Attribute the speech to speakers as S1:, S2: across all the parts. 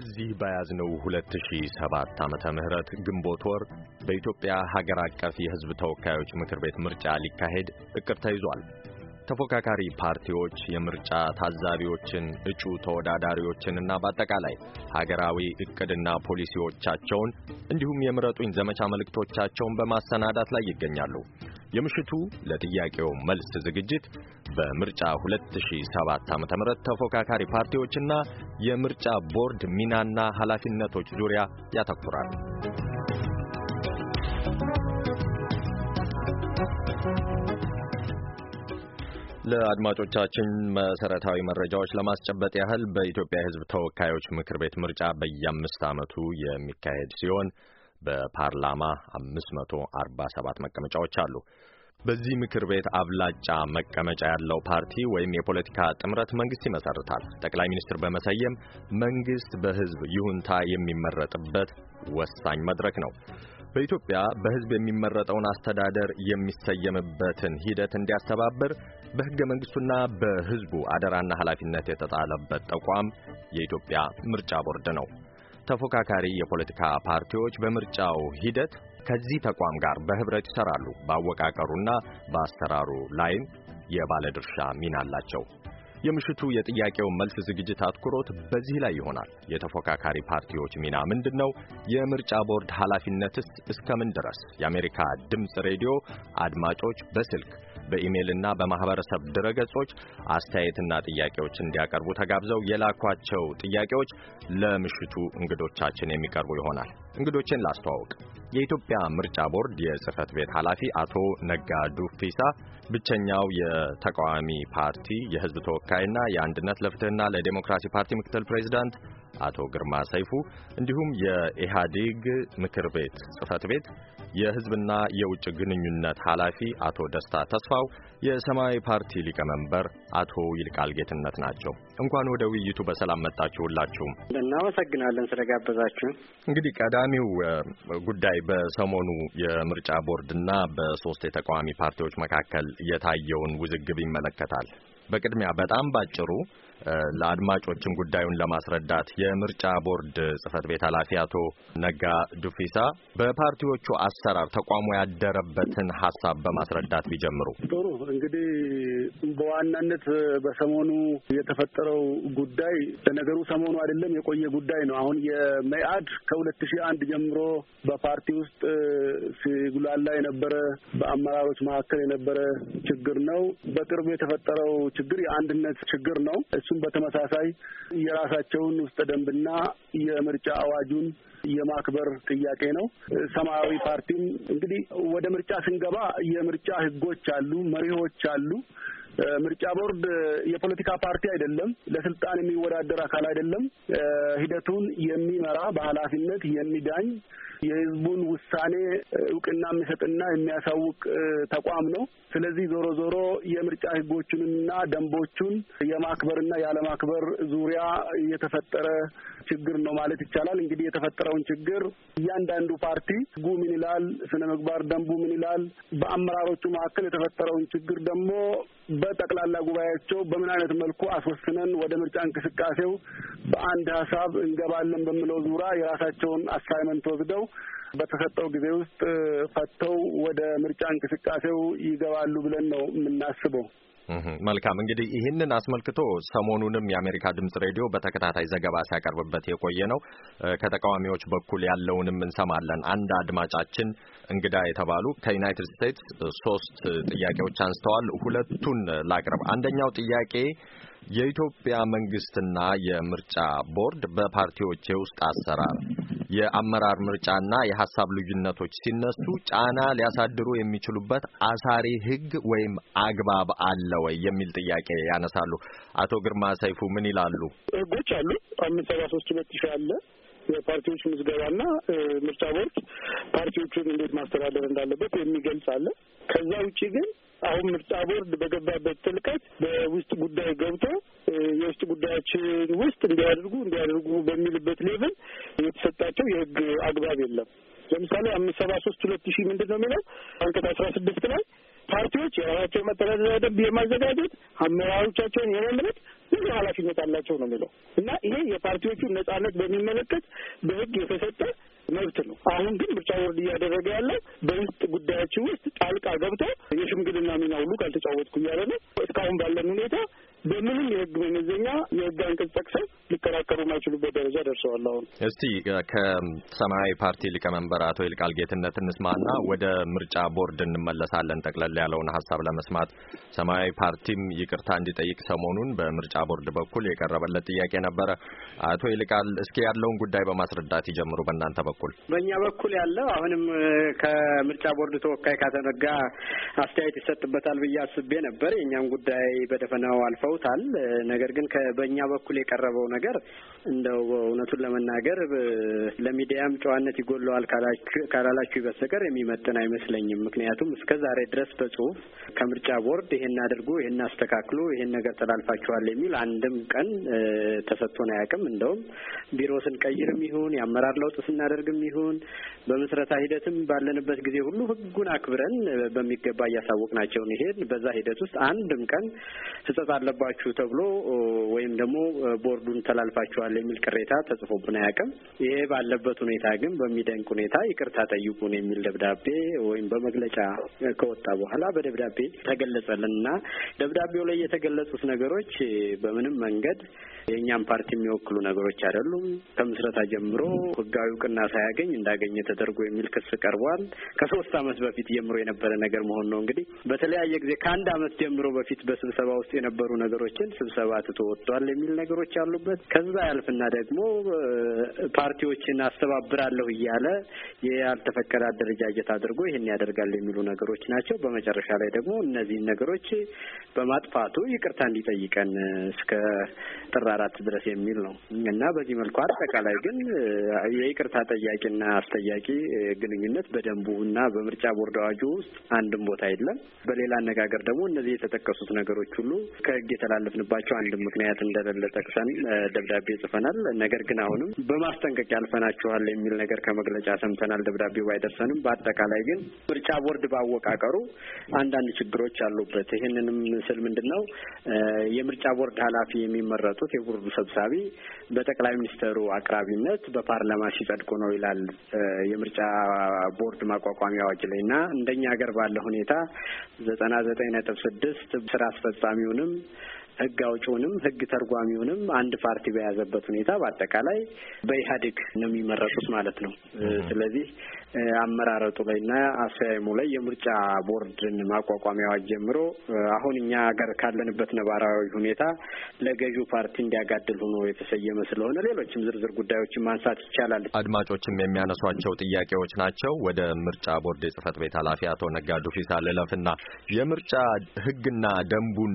S1: በዚህ በያዝነው 2007 ዓመተ ምህረት ግንቦት ወር በኢትዮጵያ ሀገር አቀፍ የሕዝብ ተወካዮች ምክር ቤት ምርጫ ሊካሄድ እቅድ ተይዟል። ተፎካካሪ ፓርቲዎች የምርጫ ታዛቢዎችን፣ እጩ ተወዳዳሪዎችንና በአጠቃላይ ሀገራዊ እቅድና ፖሊሲዎቻቸውን እንዲሁም የምረጡኝ ዘመቻ መልእክቶቻቸውን በማሰናዳት ላይ ይገኛሉ። የምሽቱ ለጥያቄው መልስ ዝግጅት በምርጫ 2007 ዓ.ም ተፎካካሪ ፓርቲዎችና የምርጫ ቦርድ ሚናና ኃላፊነቶች ዙሪያ ያተኩራል። ለአድማጮቻችን መሰረታዊ መረጃዎች ለማስጨበጥ ያህል በኢትዮጵያ የሕዝብ ተወካዮች ምክር ቤት ምርጫ በየአምስት ዓመቱ የሚካሄድ ሲሆን በፓርላማ አምስት መቶ አርባ ሰባት መቀመጫዎች አሉ። በዚህ ምክር ቤት አብላጫ መቀመጫ ያለው ፓርቲ ወይም የፖለቲካ ጥምረት መንግስት ይመሰርታል። ጠቅላይ ሚኒስትር በመሰየም መንግስት በህዝብ ይሁንታ የሚመረጥበት ወሳኝ መድረክ ነው። በኢትዮጵያ በሕዝብ የሚመረጠውን አስተዳደር የሚሰየምበትን ሂደት እንዲያስተባብር በሕገ መንግሥቱና በሕዝቡ አደራና ኃላፊነት የተጣለበት ተቋም የኢትዮጵያ ምርጫ ቦርድ ነው። ተፎካካሪ የፖለቲካ ፓርቲዎች በምርጫው ሂደት ከዚህ ተቋም ጋር በህብረት ይሰራሉ። በአወቃቀሩና በአሰራሩ ላይም የባለድርሻ ሚና አላቸው። የምሽቱ የጥያቄው መልስ ዝግጅት አትኩሮት በዚህ ላይ ይሆናል። የተፎካካሪ ፓርቲዎች ሚና ምንድን ነው? የምርጫ ቦርድ ኃላፊነትስ እስከምን ድረስ? የአሜሪካ ድምፅ ሬዲዮ አድማጮች በስልክ በኢሜይል እና በማህበረሰብ ድረገጾች አስተያየትና ጥያቄዎች እንዲያቀርቡ ተጋብዘው የላኳቸው ጥያቄዎች ለምሽቱ እንግዶቻችን የሚቀርቡ ይሆናል። እንግዶችን ላስተዋውቅ። የኢትዮጵያ ምርጫ ቦርድ የጽህፈት ቤት ኃላፊ አቶ ነጋ ዱፊሳ ብቸኛው የተቃዋሚ ፓርቲ የህዝብ ተወካይና የአንድነት ለፍትህና ለዴሞክራሲ ፓርቲ ምክትል ፕሬዚዳንት አቶ ግርማ ሰይፉ እንዲሁም የኢህአዴግ ምክር ቤት ጽህፈት ቤት የህዝብና የውጭ ግንኙነት ኃላፊ አቶ ደስታ ተስፋው፣ የሰማያዊ ፓርቲ ሊቀመንበር አቶ ይልቃል ጌትነት ናቸው። እንኳን ወደ ውይይቱ በሰላም መጣችሁላችሁም።
S2: እናመሰግናለን ስለጋበዛችሁ።
S1: እንግዲህ ቀዳሚው ጉዳይ በሰሞኑ የምርጫ ቦርድና በሶስት የተቃዋሚ ፓርቲዎች መካከል የታየውን ውዝግብ ይመለከታል። በቅድሚያ በጣም ባጭሩ ለአድማጮችም ጉዳዩን ለማስረዳት የምርጫ ቦርድ ጽህፈት ቤት ኃላፊ አቶ ነጋ ዱፊሳ በፓርቲዎቹ አሰራር ተቋሙ ያደረበትን ሀሳብ በማስረዳት ቢጀምሩ
S3: ጥሩ። እንግዲህ በዋናነት በሰሞኑ የተፈጠረው ጉዳይ ለነገሩ ሰሞኑ አይደለም፣ የቆየ ጉዳይ ነው። አሁን የመኢአድ ከሁለት ሺህ አንድ ጀምሮ በፓርቲ ውስጥ ሲጉላላ የነበረ በአመራሮች መካከል የነበረ ችግር ነው። በቅርብ የተፈጠረው ችግር የአንድነት ችግር ነው። እነሱም በተመሳሳይ የራሳቸውን ውስጥ ደንብና የምርጫ አዋጁን የማክበር ጥያቄ ነው። ሰማያዊ ፓርቲም እንግዲህ ወደ ምርጫ ስንገባ የምርጫ ህጎች አሉ፣ መሪዎች አሉ። ምርጫ ቦርድ የፖለቲካ ፓርቲ አይደለም፣ ለስልጣን የሚወዳደር አካል አይደለም። ሂደቱን የሚመራ በኃላፊነት የሚዳኝ የህዝቡን ውሳኔ እውቅና የሚሰጥና የሚያሳውቅ ተቋም ነው። ስለዚህ ዞሮ ዞሮ የምርጫ ህጎቹንና ደንቦቹን የማክበርና ያለማክበር ዙሪያ የተፈጠረ ችግር ነው ማለት ይቻላል። እንግዲህ የተፈጠረውን ችግር እያንዳንዱ ፓርቲ ህጉ ምን ይላል፣ ስነ ምግባር ደንቡ ምን ይላል፣ በአመራሮቹ መካከል የተፈጠረውን ችግር ደግሞ በጠቅላላ ጉባኤያቸው በምን አይነት መልኩ አስወስነን ወደ ምርጫ እንቅስቃሴው በአንድ ሀሳብ እንገባለን በሚለው ዙሪያ የራሳቸውን አሳይመንት ወስደው በተሰጠው ጊዜ ውስጥ ፈተው ወደ ምርጫ እንቅስቃሴው ይገባሉ ብለን ነው የምናስበው።
S1: Hm መልካም እንግዲህ ይህንን አስመልክቶ ሰሞኑንም የአሜሪካ ድምጽ ሬዲዮ በተከታታይ ዘገባ ሲያቀርብበት የቆየ ነው። ከተቃዋሚዎች በኩል ያለውንም እንሰማለን። አንድ አድማጫችን እንግዳ የተባሉ ከዩናይትድ ስቴትስ ሶስት ጥያቄዎች አንስተዋል። ሁለቱን ላቅርብ። አንደኛው ጥያቄ የኢትዮጵያ መንግስትና የምርጫ ቦርድ በፓርቲዎች የውስጥ አሰራር የአመራር ምርጫና የሀሳብ ልዩነቶች ሲነሱ ጫና ሊያሳድሩ የሚችሉበት አሳሪ ህግ ወይም አግባብ አለ ወይ የሚል ጥያቄ ያነሳሉ። አቶ ግርማ ሰይፉ ምን ይላሉ?
S4: ህጎች አሉ። አምስት ሰባ ሶስት ሁለት ሺ አለ የፓርቲዎች ምዝገባና ምርጫ ቦርድ ፓርቲዎቹን እንዴት ማስተዳደር እንዳለበት የሚገልጽ አለ። ከዛ ውጭ ግን አሁን ምርጫ ቦርድ በገባበት ጥልቀት በውስጥ ጉዳይ ገብቶ የውስጥ ጉዳዮችን ውስጥ እንዲያደርጉ እንዲያደርጉ በሚልበት ሌቭል የተሰጣቸው የህግ አግባብ የለም። ለምሳሌ አምስት ሰባ ሶስት ሁለት ሺህ ምንድን ነው የሚለው አንቀጽ አስራ ስድስት ላይ ፓርቲዎች የራሳቸው መተዳደሪያ ደንብ የማዘጋጀት አመራሮቻቸውን የመምረጥ ብዙ ኃላፊነት አላቸው ነው የሚለው እና ይሄ የፓርቲዎቹን ነጻነት በሚመለከት በህግ የተሰጠ መብት ነው። አሁን ግን ምርጫ ቦርድ እያደረገ ያለው በውስጥ ጉዳያችን ውስጥ ጣልቃ ገብቶ የሽምግልና ሚና ሁሉ ካልተጫወትኩ እያለ ነው። እስካሁን ባለን ሁኔታ በምንም የህግ መመዘኛ የህግ አንቀጽ ጠቅሰው ሊከራከሩ ማይችሉበት ደረጃ ደርሰዋል። አሁን
S1: እስቲ ከሰማያዊ ፓርቲ ሊቀመንበር አቶ ይልቃል ጌትነት እንስማና ወደ ምርጫ ቦርድ እንመለሳለን። ጠቅለል ያለውን ሀሳብ ለመስማት ሰማያዊ ፓርቲም ይቅርታ እንዲጠይቅ ሰሞኑን በምርጫ ቦርድ በኩል የቀረበለት ጥያቄ ነበረ። አቶ ይልቃል እስኪ ያለውን ጉዳይ በማስረዳት ይጀምሩ። በእናንተ በኩል
S2: በእኛ በኩል ያለው አሁንም ከምርጫ ቦርድ ተወካይ ካተነጋ አስተያየት ይሰጥበታል ብዬ አስቤ ነበር። የእኛም ጉዳይ በደፈናው አልፈው አቅርበውታል። ነገር ግን በእኛ በኩል የቀረበው ነገር እንደው እውነቱን ለመናገር ለሚዲያም ጨዋነት ይጎለዋል ካላላችሁ በስተቀር የሚመጥን አይመስለኝም። ምክንያቱም እስከ ዛሬ ድረስ በጽሁፍ ከምርጫ ቦርድ ይሄን አድርጉ፣ ይሄን አስተካክሉ፣ ይሄን ነገር ተላልፋችኋል የሚል አንድም ቀን ተሰጥቶን አያውቅም። እንደውም ቢሮ ስንቀይርም ይሁን የአመራር ለውጥ ስናደርግም ይሁን በምስረታ ሂደትም ባለንበት ጊዜ ሁሉ ህጉን አክብረን በሚገባ እያሳወቅናቸው ይሄን በዛ ሂደት ውስጥ አንድም ቀን ህጸት አለበት ገባችሁ ተብሎ ወይም ደግሞ ቦርዱን ተላልፋችኋል የሚል ቅሬታ ተጽፎብን አያውቅም። ይሄ ባለበት ሁኔታ ግን በሚደንቅ ሁኔታ ይቅርታ ጠይቁን የሚል ደብዳቤ ወይም በመግለጫ ከወጣ በኋላ በደብዳቤ ተገለጸልን እና ደብዳቤው ላይ የተገለጹት ነገሮች በምንም መንገድ የእኛም ፓርቲ የሚወክሉ ነገሮች አይደሉም። ከምስረታ ጀምሮ ህጋዊ እውቅና ሳያገኝ እንዳገኘ ተደርጎ የሚል ክስ ቀርቧል። ከሶስት አመት በፊት ጀምሮ የነበረ ነገር መሆን ነው። እንግዲህ በተለያየ ጊዜ ከአንድ አመት ጀምሮ በፊት በስብሰባ ውስጥ የነበሩ ነገሮችን ስብሰባ ትቶ ወጥቷል የሚል ነገሮች አሉበት። ከዛ ያልፍና ደግሞ ፓርቲዎችን አስተባብራለሁ እያለ ያልተፈቀደ አደረጃጀት አድርጎ ይህን ያደርጋል የሚሉ ነገሮች ናቸው። በመጨረሻ ላይ ደግሞ እነዚህን ነገሮች በማጥፋቱ ይቅርታ እንዲጠይቀን እስከ ጥር አራት ድረስ የሚል ነው እና በዚህ መልኩ አጠቃላይ ግን የይቅርታ ጠያቂና አስጠያቂ ግንኙነት በደንቡ እና በምርጫ ቦርድ አዋጁ ውስጥ አንድም ቦታ የለም። በሌላ አነጋገር ደግሞ እነዚህ የተጠቀሱት ነገሮች ሁሉ ከህግ የተላለፍንባቸው አንድ ምክንያት እንደሌለ ጠቅሰን ደብዳቤ ጽፈናል። ነገር ግን አሁንም በማስጠንቀቅ ያልፈናችኋል የሚል ነገር ከመግለጫ ሰምተናል። ደብዳቤው ባይደርሰንም በአጠቃላይ ግን ምርጫ ቦርድ ባወቃቀሩ አንዳንድ ችግሮች አሉበት። ይህንንም ስል ምንድን ነው የምርጫ ቦርድ ኃላፊ የሚመረጡት የቦርዱ ሰብሳቢ በጠቅላይ ሚኒስትሩ አቅራቢነት በፓርላማ ሲጸድቁ ነው ይላል የምርጫ ቦርድ ማቋቋሚያ አዋጅ ላይ እና እንደኛ ሀገር ባለ ሁኔታ ዘጠና ዘጠኝ ነጥብ ስድስት ስራ አስፈጻሚውንም ህግ አውጪውንም ህግ ተርጓሚውንም አንድ ፓርቲ በያዘበት ሁኔታ በአጠቃላይ በኢህአዴግ ነው የሚመረጡት ማለት ነው። ስለዚህ አመራረጡ ላይ እና አሰያየሙ ላይ የምርጫ ቦርድን ማቋቋም አዋጅ ጀምሮ አሁን እኛ ሀገር ካለንበት ነባራዊ ሁኔታ ለገዢው ፓርቲ እንዲያጋድል ሆኖ የተሰየመ ስለሆነ ሌሎችም ዝርዝር ጉዳዮችን ማንሳት ይቻላል።
S1: አድማጮችም የሚያነሷቸው ጥያቄዎች ናቸው። ወደ ምርጫ ቦርድ የጽህፈት ቤት ኃላፊ አቶ ነጋ ዱፊሳ ልለፍና የምርጫ ህግና ደንቡን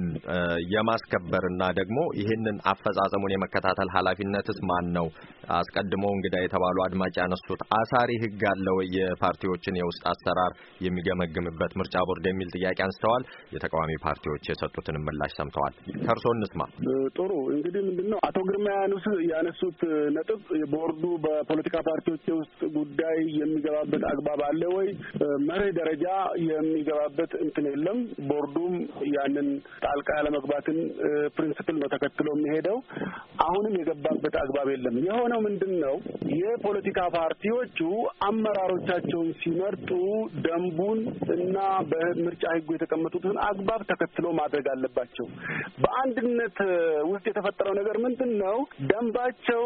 S1: የማስከበርና ደግሞ ይህንን አፈጻጸሙን የመከታተል ኃላፊነትስ ማን ነው? አስቀድሞ እንግዳ የተባሉ አድማጭ ያነሱት አሳሪ ህግ አለው የፓርቲዎችን የውስጥ አሰራር የሚገመግምበት ምርጫ ቦርድ የሚል ጥያቄ አንስተዋል። የተቃዋሚ ፓርቲዎች የሰጡትን ምላሽ ሰምተዋል። ከእርሶ እንስማ።
S3: ጥሩ እንግዲህ ምንድን ነው አቶ ግርማ ያነሱት ነጥብ ቦርዱ በፖለቲካ ፓርቲዎች የውስጥ ጉዳይ የሚገባበት አግባብ አለ ወይ? መርህ ደረጃ የሚገባበት እንትን የለም። ቦርዱም ያንን ጣልቃ ያለመግባትን ፕሪንስፕል ነው ተከትሎ የሚሄደው። አሁንም የገባበት አግባብ የለም። የሆነው ምንድን ነው የፖለቲካ ፓርቲዎቹ አመራሮ ተወካዮቻቸውን ሲመርጡ ደንቡን እና በምርጫ ህጉ የተቀመጡትን አግባብ ተከትሎ ማድረግ አለባቸው። በአንድነት ውስጥ የተፈጠረው ነገር ምንድን ነው? ደንባቸው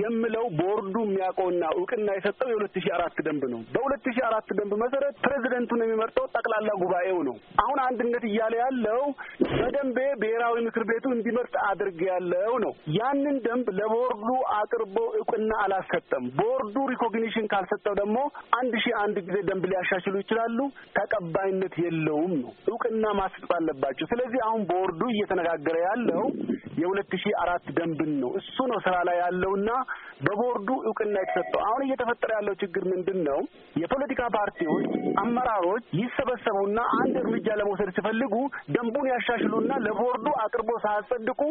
S3: የምለው ቦርዱ የሚያውቀውና እውቅና የሰጠው የሁለት ሺ አራት ደንብ ነው። በሁለት ሺ አራት ደንብ መሰረት ፕሬዚደንቱን የሚመርጠው ጠቅላላ ጉባኤው ነው። አሁን አንድነት እያለ ያለው በደንቤ ብሔራዊ ምክር ቤቱ እንዲመርጥ አድርግ ያለው ነው። ያንን ደንብ ለቦርዱ አቅርቦ እውቅና አላሰጠም። ቦርዱ ሪኮግኒሽን ካልሰጠው ደግሞ አንድ ሺህ አንድ ጊዜ ደንብ ሊያሻሽሉ ይችላሉ። ተቀባይነት የለውም ነው እውቅና ማስጠት አለባቸው። ስለዚህ አሁን ቦርዱ እየተነጋገረ ያለው የሁለት ሺህ አራት ደንብን ነው። እሱ ነው ስራ ላይ ያለውና በቦርዱ እውቅና የተሰጠው። አሁን እየተፈጠረ ያለው ችግር ምንድን ነው? የፖለቲካ ፓርቲዎች አመራሮች ይሰበሰቡና አንድ እርምጃ ለመውሰድ ሲፈልጉ ደንቡን ያሻሽሉና ለቦርዱ አቅርቦ ሳያጸድቁ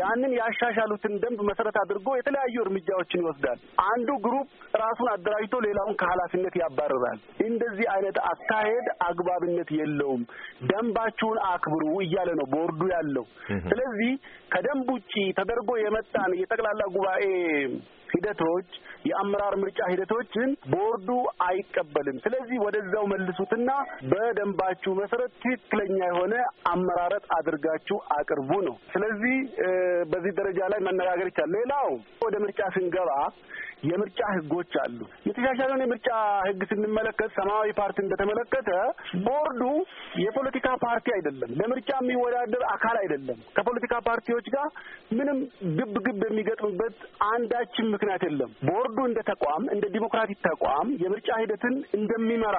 S3: ያንን ያሻሻሉትን ደንብ መሰረት አድርጎ የተለያዩ እርምጃዎችን ይወስዳል። አንዱ ግሩፕ ራሱን አደራጅቶ ሌላውን ከኃላፊነት ያባርራል። እንደዚህ አይነት አካሄድ አግባብነት የለውም። ደንባችሁን አክብሩ እያለ ነው ቦርዱ ያለው። ስለዚህ ከደንብ ውጪ ተደርጎ የመጣን የጠቅላላ ጉባኤ ሂደቶች የአመራር ምርጫ ሂደቶችን ቦርዱ አይቀበልም። ስለዚህ ወደዛው መልሱትና በደንባችሁ መሰረት ትክክለኛ የሆነ አመራረጥ አድርጋችሁ አቅርቡ ነው። ስለዚህ በዚህ ደረጃ ላይ መነጋገር ይቻላል። ሌላው ወደ ምርጫ ስንገባ የምርጫ ህጎች አሉ። የተሻሻለውን የምርጫ ህግ ስንመለከት ሰማያዊ ፓርቲ እንደተመለከተ ቦርዱ የፖለቲካ ፓርቲ አይደለም፣ ለምርጫ የሚወዳደር አካል አይደለም። ከፖለቲካ ፓርቲዎች ጋር ምንም ግብ ግብ የሚገጥምበት አንዳችም ምክንያት የለም። ቦርዱ እንደ ተቋም እንደ ዲሞክራቲክ ተቋም የምርጫ ሂደትን እንደሚመራ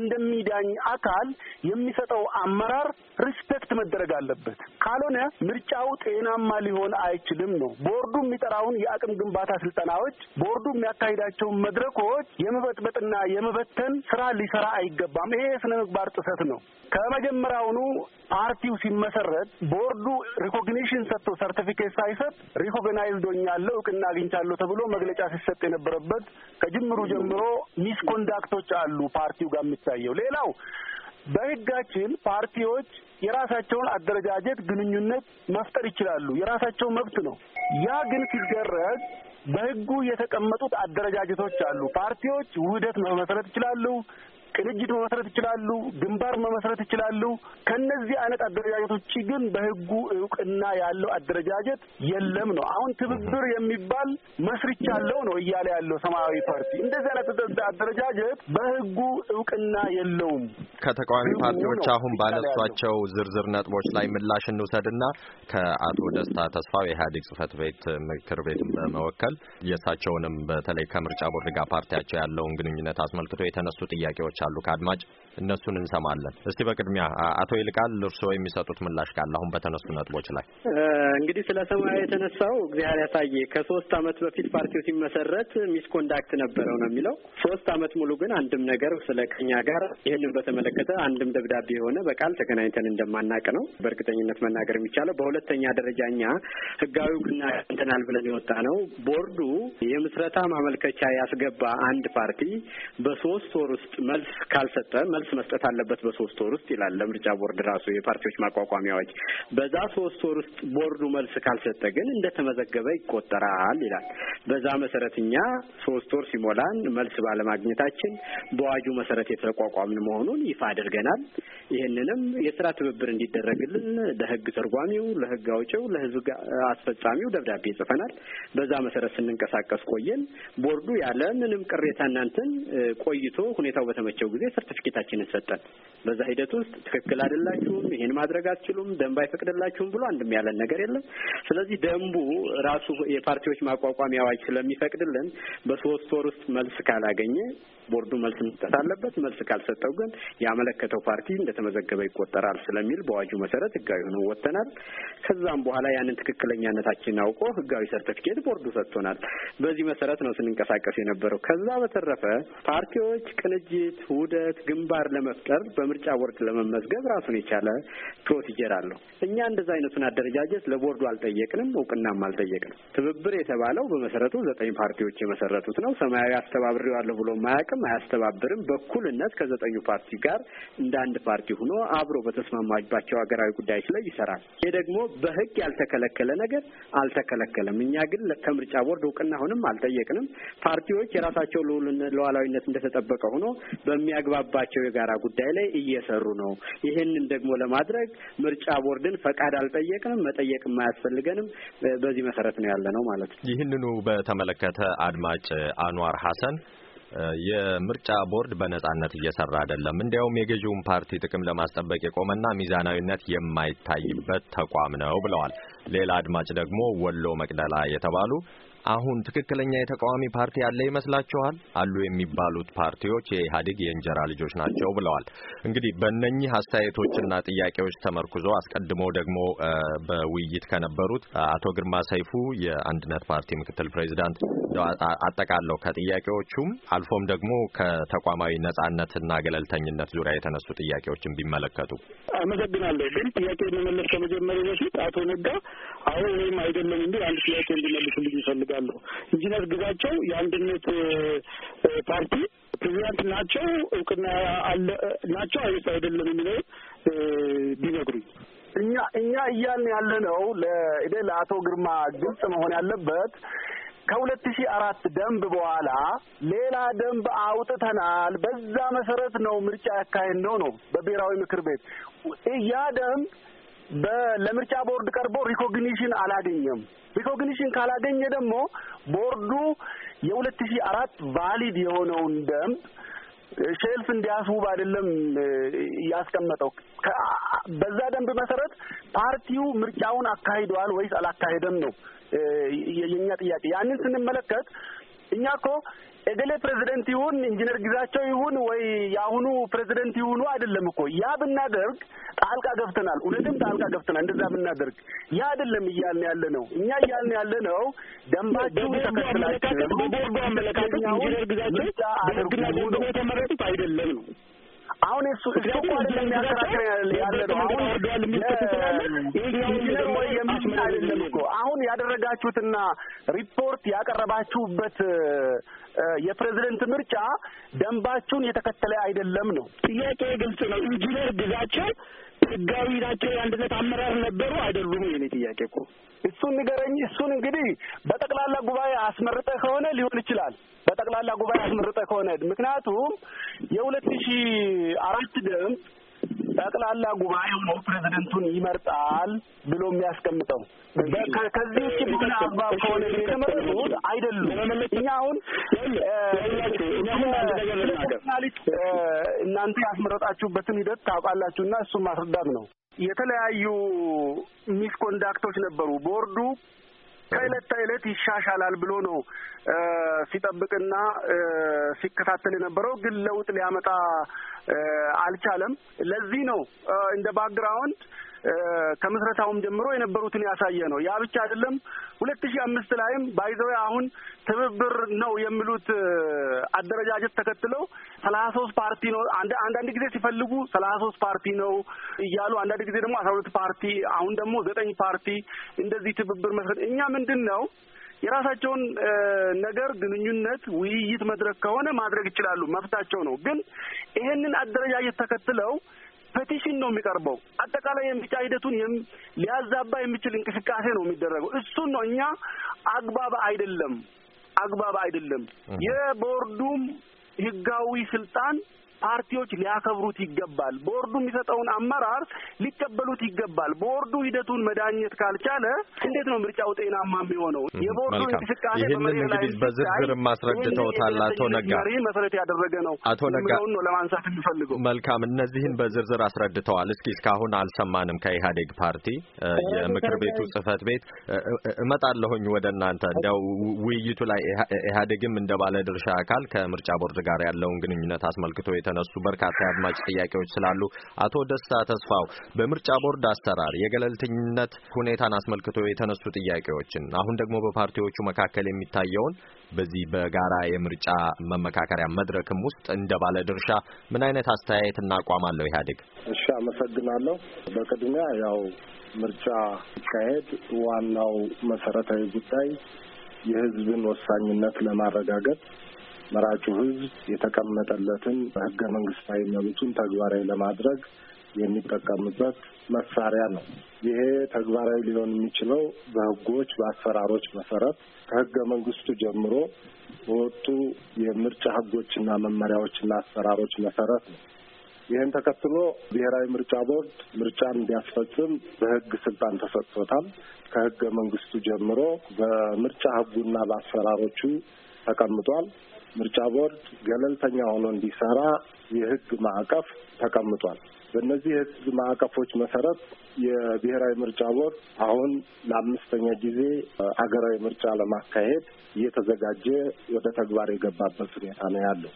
S3: እንደሚዳኝ አካል የሚሰጠው አመራር ሪስፔክት መደረግ አለበት። ካልሆነ ምርጫው ጤናማ ሊሆን አይችልም ነው ቦርዱ የሚጠራውን የአቅም ግንባታ ስልጠናዎች ቦርዱ የሚያካሂዳቸውን መድረኮች የመበጥበጥና የመበተን ስራ ሊሰራ አይገባም። ይሄ የስነ ምግባር ጥሰት ነው። ከመጀመሪያውኑ ፓርቲው ሲመሰረት ቦርዱ ሪኮግኒሽን ሰጥቶ ሰርቲፊኬት ሳይሰጥ ሪኮግናይዝ ዶኛለሁ እውቅና አግኝቻለሁ ተብሎ መግለጫ ሲሰጥ የነበረበት ከጅምሩ ጀምሮ ሚስኮንዳክቶች አሉ ፓርቲው ጋር የሚታየው። ሌላው በህጋችን ፓርቲዎች የራሳቸውን አደረጃጀት ግንኙነት መፍጠር ይችላሉ። የራሳቸው መብት ነው። ያ ግን ሲደረግ በህጉ የተቀመጡት አደረጃጀቶች አሉ። ፓርቲዎች ውህደት መመስረት ይችላሉ። ቅንጅት መመስረት ይችላሉ፣ ግንባር መመስረት ይችላሉ። ከእነዚህ አይነት አደረጃጀት ውጭ ግን በህጉ እውቅና ያለው አደረጃጀት የለም ነው። አሁን ትብብር የሚባል መስርቻለው ነው እያለ ያለው ሰማያዊ ፓርቲ። እንደዚህ አይነት አደረጃጀት በህጉ እውቅና የለውም።
S1: ከተቃዋሚ ፓርቲዎች አሁን ባነሷቸው ዝርዝር ነጥቦች ላይ ምላሽ እንውሰድና ከአቶ ደስታ ተስፋው የኢህአዴግ ጽህፈት ቤት ምክር ቤት በመወከል የእሳቸውንም በተለይ ከምርጫ ቦርድ ጋር ፓርቲያቸው ያለውን ግንኙነት አስመልክቶ የተነሱ ጥያቄዎች አሉ ከአድማጭ እነሱን እንሰማለን። እስቲ በቅድሚያ አቶ ይልቃል እርስዎ የሚሰጡት ምላሽ ካለ አሁን በተነሱ ነጥቦች ላይ
S2: እንግዲህ ስለ ሰማያዊ የተነሳው እግዚአብሔር ያሳየ ከሶስት አመት በፊት ፓርቲው ሲመሰረት ሚስ ኮንዳክት ነበረው ነው የሚለው። ሶስት አመት ሙሉ ግን አንድም ነገር ስለ ከኛ ጋር ይህንን በተመለከተ አንድም ደብዳቤ የሆነ በቃል ተገናኝተን እንደማናቅ ነው በእርግጠኝነት መናገር የሚቻለው። በሁለተኛ ደረጃ እኛ ህጋዊ እውቅና ንተናል ብለን የወጣ ነው። ቦርዱ የምስረታ ማመልከቻ ያስገባ አንድ ፓርቲ በሶስት ወር ውስጥ መልስ ካልሰጠ መልስ መልስ መስጠት አለበት በሶስት ወር ውስጥ ይላል ለምርጫ ቦርድ ራሱ የፓርቲዎች ማቋቋሚያዎች። በዛ ሶስት ወር ውስጥ ቦርዱ መልስ ካልሰጠ ግን እንደተመዘገበ ይቆጠራል ይላል። በዛ መሰረት እኛ ሶስት ወር ሲሞላን መልስ ባለማግኘታችን በአዋጁ መሰረት የተቋቋምን መሆኑን ይፋ አድርገናል። ይህንንም የስራ ትብብር እንዲደረግልን ለህግ ተርጓሚው፣ ለህግ አውጪው፣ ለህዝብ አስፈጻሚው ደብዳቤ ጽፈናል። በዛ መሰረት ስንንቀሳቀስ ቆየን። ቦርዱ ያለ ምንም ቅሬታ እናንተን ቆይቶ ሁኔታው በተመቸው ጊዜ ሰርቲፊኬታችን ቃላችንን ሰጠን። በዛ ሂደት ውስጥ ትክክል አይደላችሁም፣ ይሄን ማድረግ አትችሉም፣ ደንብ አይፈቅድላችሁም ብሎ አንድም ያለን ነገር የለም። ስለዚህ ደንቡ ራሱ የፓርቲዎች ማቋቋሚያ አዋጅ ስለሚፈቅድልን በሶስት ወር ውስጥ መልስ ካላገኘ ቦርዱ መልስ መስጠት አለበት። መልስ ካልሰጠው ግን ያመለከተው ፓርቲ እንደተመዘገበ ይቆጠራል ስለሚል በአዋጁ መሰረት ህጋዊ ሆነው ወጥተናል። ከዛም በኋላ ያንን ትክክለኛነታችን አውቆ ህጋዊ ሰርተፊኬት ቦርዱ ሰጥቶናል። በዚህ መሰረት ነው ስንንቀሳቀስ የነበረው። ከዛ በተረፈ ፓርቲዎች ቅንጅት፣ ውህደት፣ ግንባር ለመፍጠር በምርጫ ቦርድ ለመመዝገብ ራሱን የቻለ ፕሮሲጀር አለው። እኛ እንደዛ አይነቱን አደረጃጀት ለቦርዱ አልጠየቅንም፣ እውቅናም አልጠየቅንም። ትብብር የተባለው በመሰረቱ ዘጠኝ ፓርቲዎች የመሰረቱት ነው። ሰማያዊ አስተባብሬዋለሁ ብሎ ማያውቅም አያስተባብርም አያስተባብርም። በኩልነት ከዘጠኙ ፓርቲ ጋር እንደ አንድ ፓርቲ ሆኖ አብሮ በተስማማባቸው ሀገራዊ ጉዳዮች ላይ ይሰራል። ይህ ደግሞ በህግ ያልተከለከለ ነገር አልተከለከለም። እኛ ግን ከምርጫ ቦርድ እውቅና አሁንም አልጠየቅንም። ፓርቲዎች የራሳቸው ሉዓላዊነት እንደተጠበቀ ሆኖ በሚያግባባቸው የጋራ ጉዳይ ላይ እየሰሩ ነው። ይህንን ደግሞ ለማድረግ ምርጫ ቦርድን ፈቃድ አልጠየቅንም፣ መጠየቅም አያስፈልገንም።
S1: በዚህ መሰረት ነው ያለ ነው ማለት ነው። ይህንኑ በተመለከተ አድማጭ አንዋር ሀሰን የምርጫ ቦርድ በነጻነት እየሰራ አይደለም። እንዲያውም የገዢውን ፓርቲ ጥቅም ለማስጠበቅ የቆመና ሚዛናዊነት የማይታይበት ተቋም ነው ብለዋል። ሌላ አድማጭ ደግሞ ወሎ መቅደላ የተባሉ አሁን ትክክለኛ የተቃዋሚ ፓርቲ ያለ ይመስላችኋል? አሉ የሚባሉት ፓርቲዎች የኢህአዴግ የእንጀራ ልጆች ናቸው ብለዋል። እንግዲህ በእነኚህ አስተያየቶችና ጥያቄዎች ተመርኩዞ አስቀድሞ ደግሞ በውይይት ከነበሩት አቶ ግርማ ሰይፉ የአንድነት ፓርቲ ምክትል ፕሬዚዳንት አጠቃለው ከጥያቄዎቹም አልፎም ደግሞ ከተቋማዊ ነጻነትና ገለልተኝነት ዙሪያ የተነሱ ጥያቄዎችን ቢመለከቱ
S4: አመሰግናለሁ። ግን ጥያቄ መመለስ ከመጀመሪያ በፊት አቶ ነጋ አዎ ወይም አይደለም የሚል አንድ ጥያቄ እንዲመልሱልኝ ይፈልጋለሁ። ኢንጂነር ግዛቸው የአንድነት ፓርቲ ፕሬዚዳንት ናቸው እውቅና አለ ናቸው አይነት አይደለም
S3: የሚለው ቢነግሩኝ። እኛ እኛ እያልን ያለ ነው ለእደ ለአቶ ግርማ ግልጽ መሆን ያለበት ከሁለት ሺህ አራት ደንብ በኋላ ሌላ ደንብ አውጥተናል። በዛ መሰረት ነው ምርጫ ያካሄድ ነው ነው በብሔራዊ ምክር ቤት ያ ደንብ ለምርጫ ቦርድ ቀርቦ ሪኮግኒሽን አላገኘም። ሪኮግኒሽን ካላገኘ ደግሞ ቦርዱ የሁለት ሺህ አራት ቫሊድ የሆነውን ደንብ ሼልፍ እንዲያስውብ አይደለም ያስቀመጠው። በዛ ደንብ መሰረት ፓርቲው ምርጫውን አካሂደዋል ወይስ አላካሄደም ነው የኛ ጥያቄ። ያንን ስንመለከት እኛ እኮ እገሌ ፕሬዚደንት ይሁን ኢንጂነር ግዛቸው ይሁን ወይ የአሁኑ ፕሬዚደንት ይሁኑ አይደለም እኮ ያ ብናደርግ ጣልቃ ገብተናል። እውነትም ጣልቃ ገብተናል። እንደዛ ብናደርግ ያ አይደለም እያልን ያለ ነው። እኛ እያልን ያለ ነው ደንባችሁን ተከትላችሁ አመለካከት ኢንጂነር ግዛቸው ብልግና ዘንድሮ የተመረጡት አይደለም ነው አሁን እሱ ወይ አይደለም እኮ አሁን ያደረጋችሁትና ሪፖርት ያቀረባችሁበት የፕሬዝደንት ምርጫ ደንባችሁን የተከተለ አይደለም ነው። ጥያቄ ግልጽ ነው። ኢንጂነር ግዛቸው ህጋዊ ናቸው የአንድነት አመራር ነበሩ አይደሉም? የኔ ጥያቄ እኮ እሱን ንገረኝ። እሱን እንግዲህ በጠቅላላ ጉባኤ አስመርጠ ከሆነ ሊሆን ይችላል። በጠቅላላ ጉባኤ አስመርጠ ከሆነ ምክንያቱም የሁለት ሺህ አራት ደምብ ጠቅላላ ጉባኤው ነው ፕሬዚደንቱን ይመርጣል ብሎ የሚያስቀምጠው። ከዚህ ውጭ ቡድን አግባብ ከሆነ የተመረጡት አይደሉም። እኛ አሁን እናንተ ያስመረጣችሁበትን ሂደት ታውቃላችሁና እሱን ማስረዳት ነው። የተለያዩ ሚስኮንዳክቶች ነበሩ ቦርዱ ከእለት ተእለት ይሻሻላል ብሎ ነው ሲጠብቅና ሲከታተል የነበረው ግን ለውጥ ሊያመጣ አልቻለም። ለዚህ ነው እንደ ባክግራውንድ ከምስረታውም ጀምሮ የነበሩትን ያሳየ ነው። ያ ብቻ አይደለም። ሁለት ሺህ አምስት ላይም ባይዘው አሁን ትብብር ነው የሚሉት አደረጃጀት ተከትለው ሰላሳ ሶስት ፓርቲ ነው። አንዳንድ ጊዜ ሲፈልጉ ሰላሳ ሶስት ፓርቲ ነው እያሉ፣ አንዳንድ ጊዜ ደግሞ አስራ ሁለት ፓርቲ፣ አሁን ደግሞ ዘጠኝ ፓርቲ እንደዚህ ትብብር መስረት እኛ ምንድን ነው የራሳቸውን ነገር ግንኙነት ውይይት መድረክ ከሆነ ማድረግ ይችላሉ፣ መብታቸው ነው። ግን ይሄንን አደረጃጀት ተከትለው ፔቲሽን ነው የሚቀርበው። አጠቃላይ የምርጫ ሂደቱን ሊያዛባ የሚችል እንቅስቃሴ ነው የሚደረገው። እሱን ነው እኛ አግባብ አይደለም አግባብ አይደለም። የቦርዱም ህጋዊ ስልጣን ፓርቲዎች ሊያከብሩት ይገባል። ቦርዱ የሚሰጠውን አመራር ሊቀበሉት ይገባል። ቦርዱ ሂደቱን መዳኘት ካልቻለ እንዴት ነው ምርጫው ጤናማ የሚሆነው? የቦርዱ እንቅስቃሴ በዝርዝር ማስረድተውታል። አቶ ነጋ መሰረት ያደረገ ነው። አቶ ነጋ ነው
S1: ለማንሳት የሚፈልገው። መልካም፣ እነዚህን በዝርዝር አስረድተዋል። እስኪ እስካሁን አልሰማንም ከኢህአዴግ ፓርቲ የምክር ቤቱ ጽህፈት ቤት እመጣለሁኝ ወደ እናንተ እንዲያው ውይይቱ ላይ ኢህአዴግም እንደ ባለ ድርሻ አካል ከምርጫ ቦርድ ጋር ያለውን ግንኙነት አስመልክቶ የተ የተነሱ በርካታ የአድማጭ ጥያቄዎች ስላሉ አቶ ደስታ ተስፋው በምርጫ ቦርድ አሰራር የገለልተኝነት ሁኔታን አስመልክቶ የተነሱ ጥያቄዎችን አሁን ደግሞ በፓርቲዎቹ መካከል የሚታየውን በዚህ በጋራ የምርጫ መመካከሪያ መድረክም ውስጥ እንደ ባለ ድርሻ ምን አይነት እና አቋም አለው ኢህአዴግ?
S5: እሺ፣ አመሰግናለሁ። በቅድሚያ ያው ምርጫ ሲካሄድ ዋናው መሰረታዊ ጉዳይ የህዝብን ወሳኝነት ለማረጋገጥ መራጩ ህዝብ የተቀመጠለትን ህገ መንግስታዊ መብቱን ተግባራዊ ለማድረግ የሚጠቀምበት መሳሪያ ነው። ይሄ ተግባራዊ ሊሆን የሚችለው በህጎች፣ በአሰራሮች መሰረት ከህገ መንግስቱ ጀምሮ በወጡ የምርጫ ህጎችና መመሪያዎችና አሰራሮች መሰረት ነው። ይህን ተከትሎ ብሔራዊ ምርጫ ቦርድ ምርጫን እንዲያስፈጽም በህግ ስልጣን ተሰጥቶታል። ከህገ መንግስቱ ጀምሮ በምርጫ ህጉና በአሰራሮቹ ተቀምጧል። ምርጫ ቦርድ ገለልተኛ ሆኖ እንዲሰራ የህግ ማዕቀፍ ተቀምጧል። በእነዚህ የህግ ማዕቀፎች መሰረት የብሔራዊ ምርጫ ቦርድ አሁን ለአምስተኛ ጊዜ አገራዊ ምርጫ ለማካሄድ እየተዘጋጀ ወደ ተግባር የገባበት ሁኔታ ነው ያለው።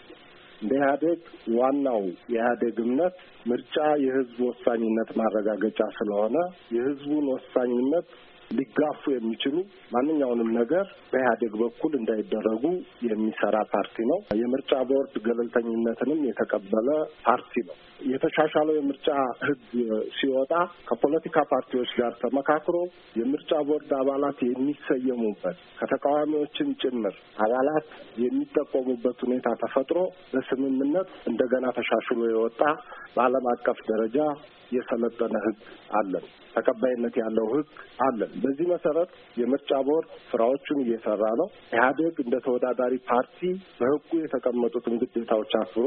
S5: እንደ ኢህአዴግ ዋናው የኢህአዴግ እምነት ምርጫ የህዝብ ወሳኝነት ማረጋገጫ ስለሆነ የህዝቡን ወሳኝነት ሊጋፉ የሚችሉ ማንኛውንም ነገር በኢህአዴግ በኩል እንዳይደረጉ የሚሰራ ፓርቲ ነው። የምርጫ ቦርድ ገለልተኝነትንም የተቀበለ ፓርቲ ነው። የተሻሻለው የምርጫ ህግ ሲወጣ ከፖለቲካ ፓርቲዎች ጋር ተመካክሮ የምርጫ ቦርድ አባላት የሚሰየሙበት ከተቃዋሚዎችን ጭምር አባላት የሚጠቆሙበት ሁኔታ ተፈጥሮ በስምምነት እንደገና ተሻሽሎ የወጣ በዓለም አቀፍ ደረጃ የሰለጠነ ህግ አለን። ተቀባይነት ያለው ህግ አለን። በዚህ መሰረት የምርጫ ቦርድ ስራዎቹን እየሰራ ነው። ኢህአዴግ እንደ ተወዳዳሪ ፓርቲ በህጉ የተቀመጡትን ግዴታዎች አክብሮ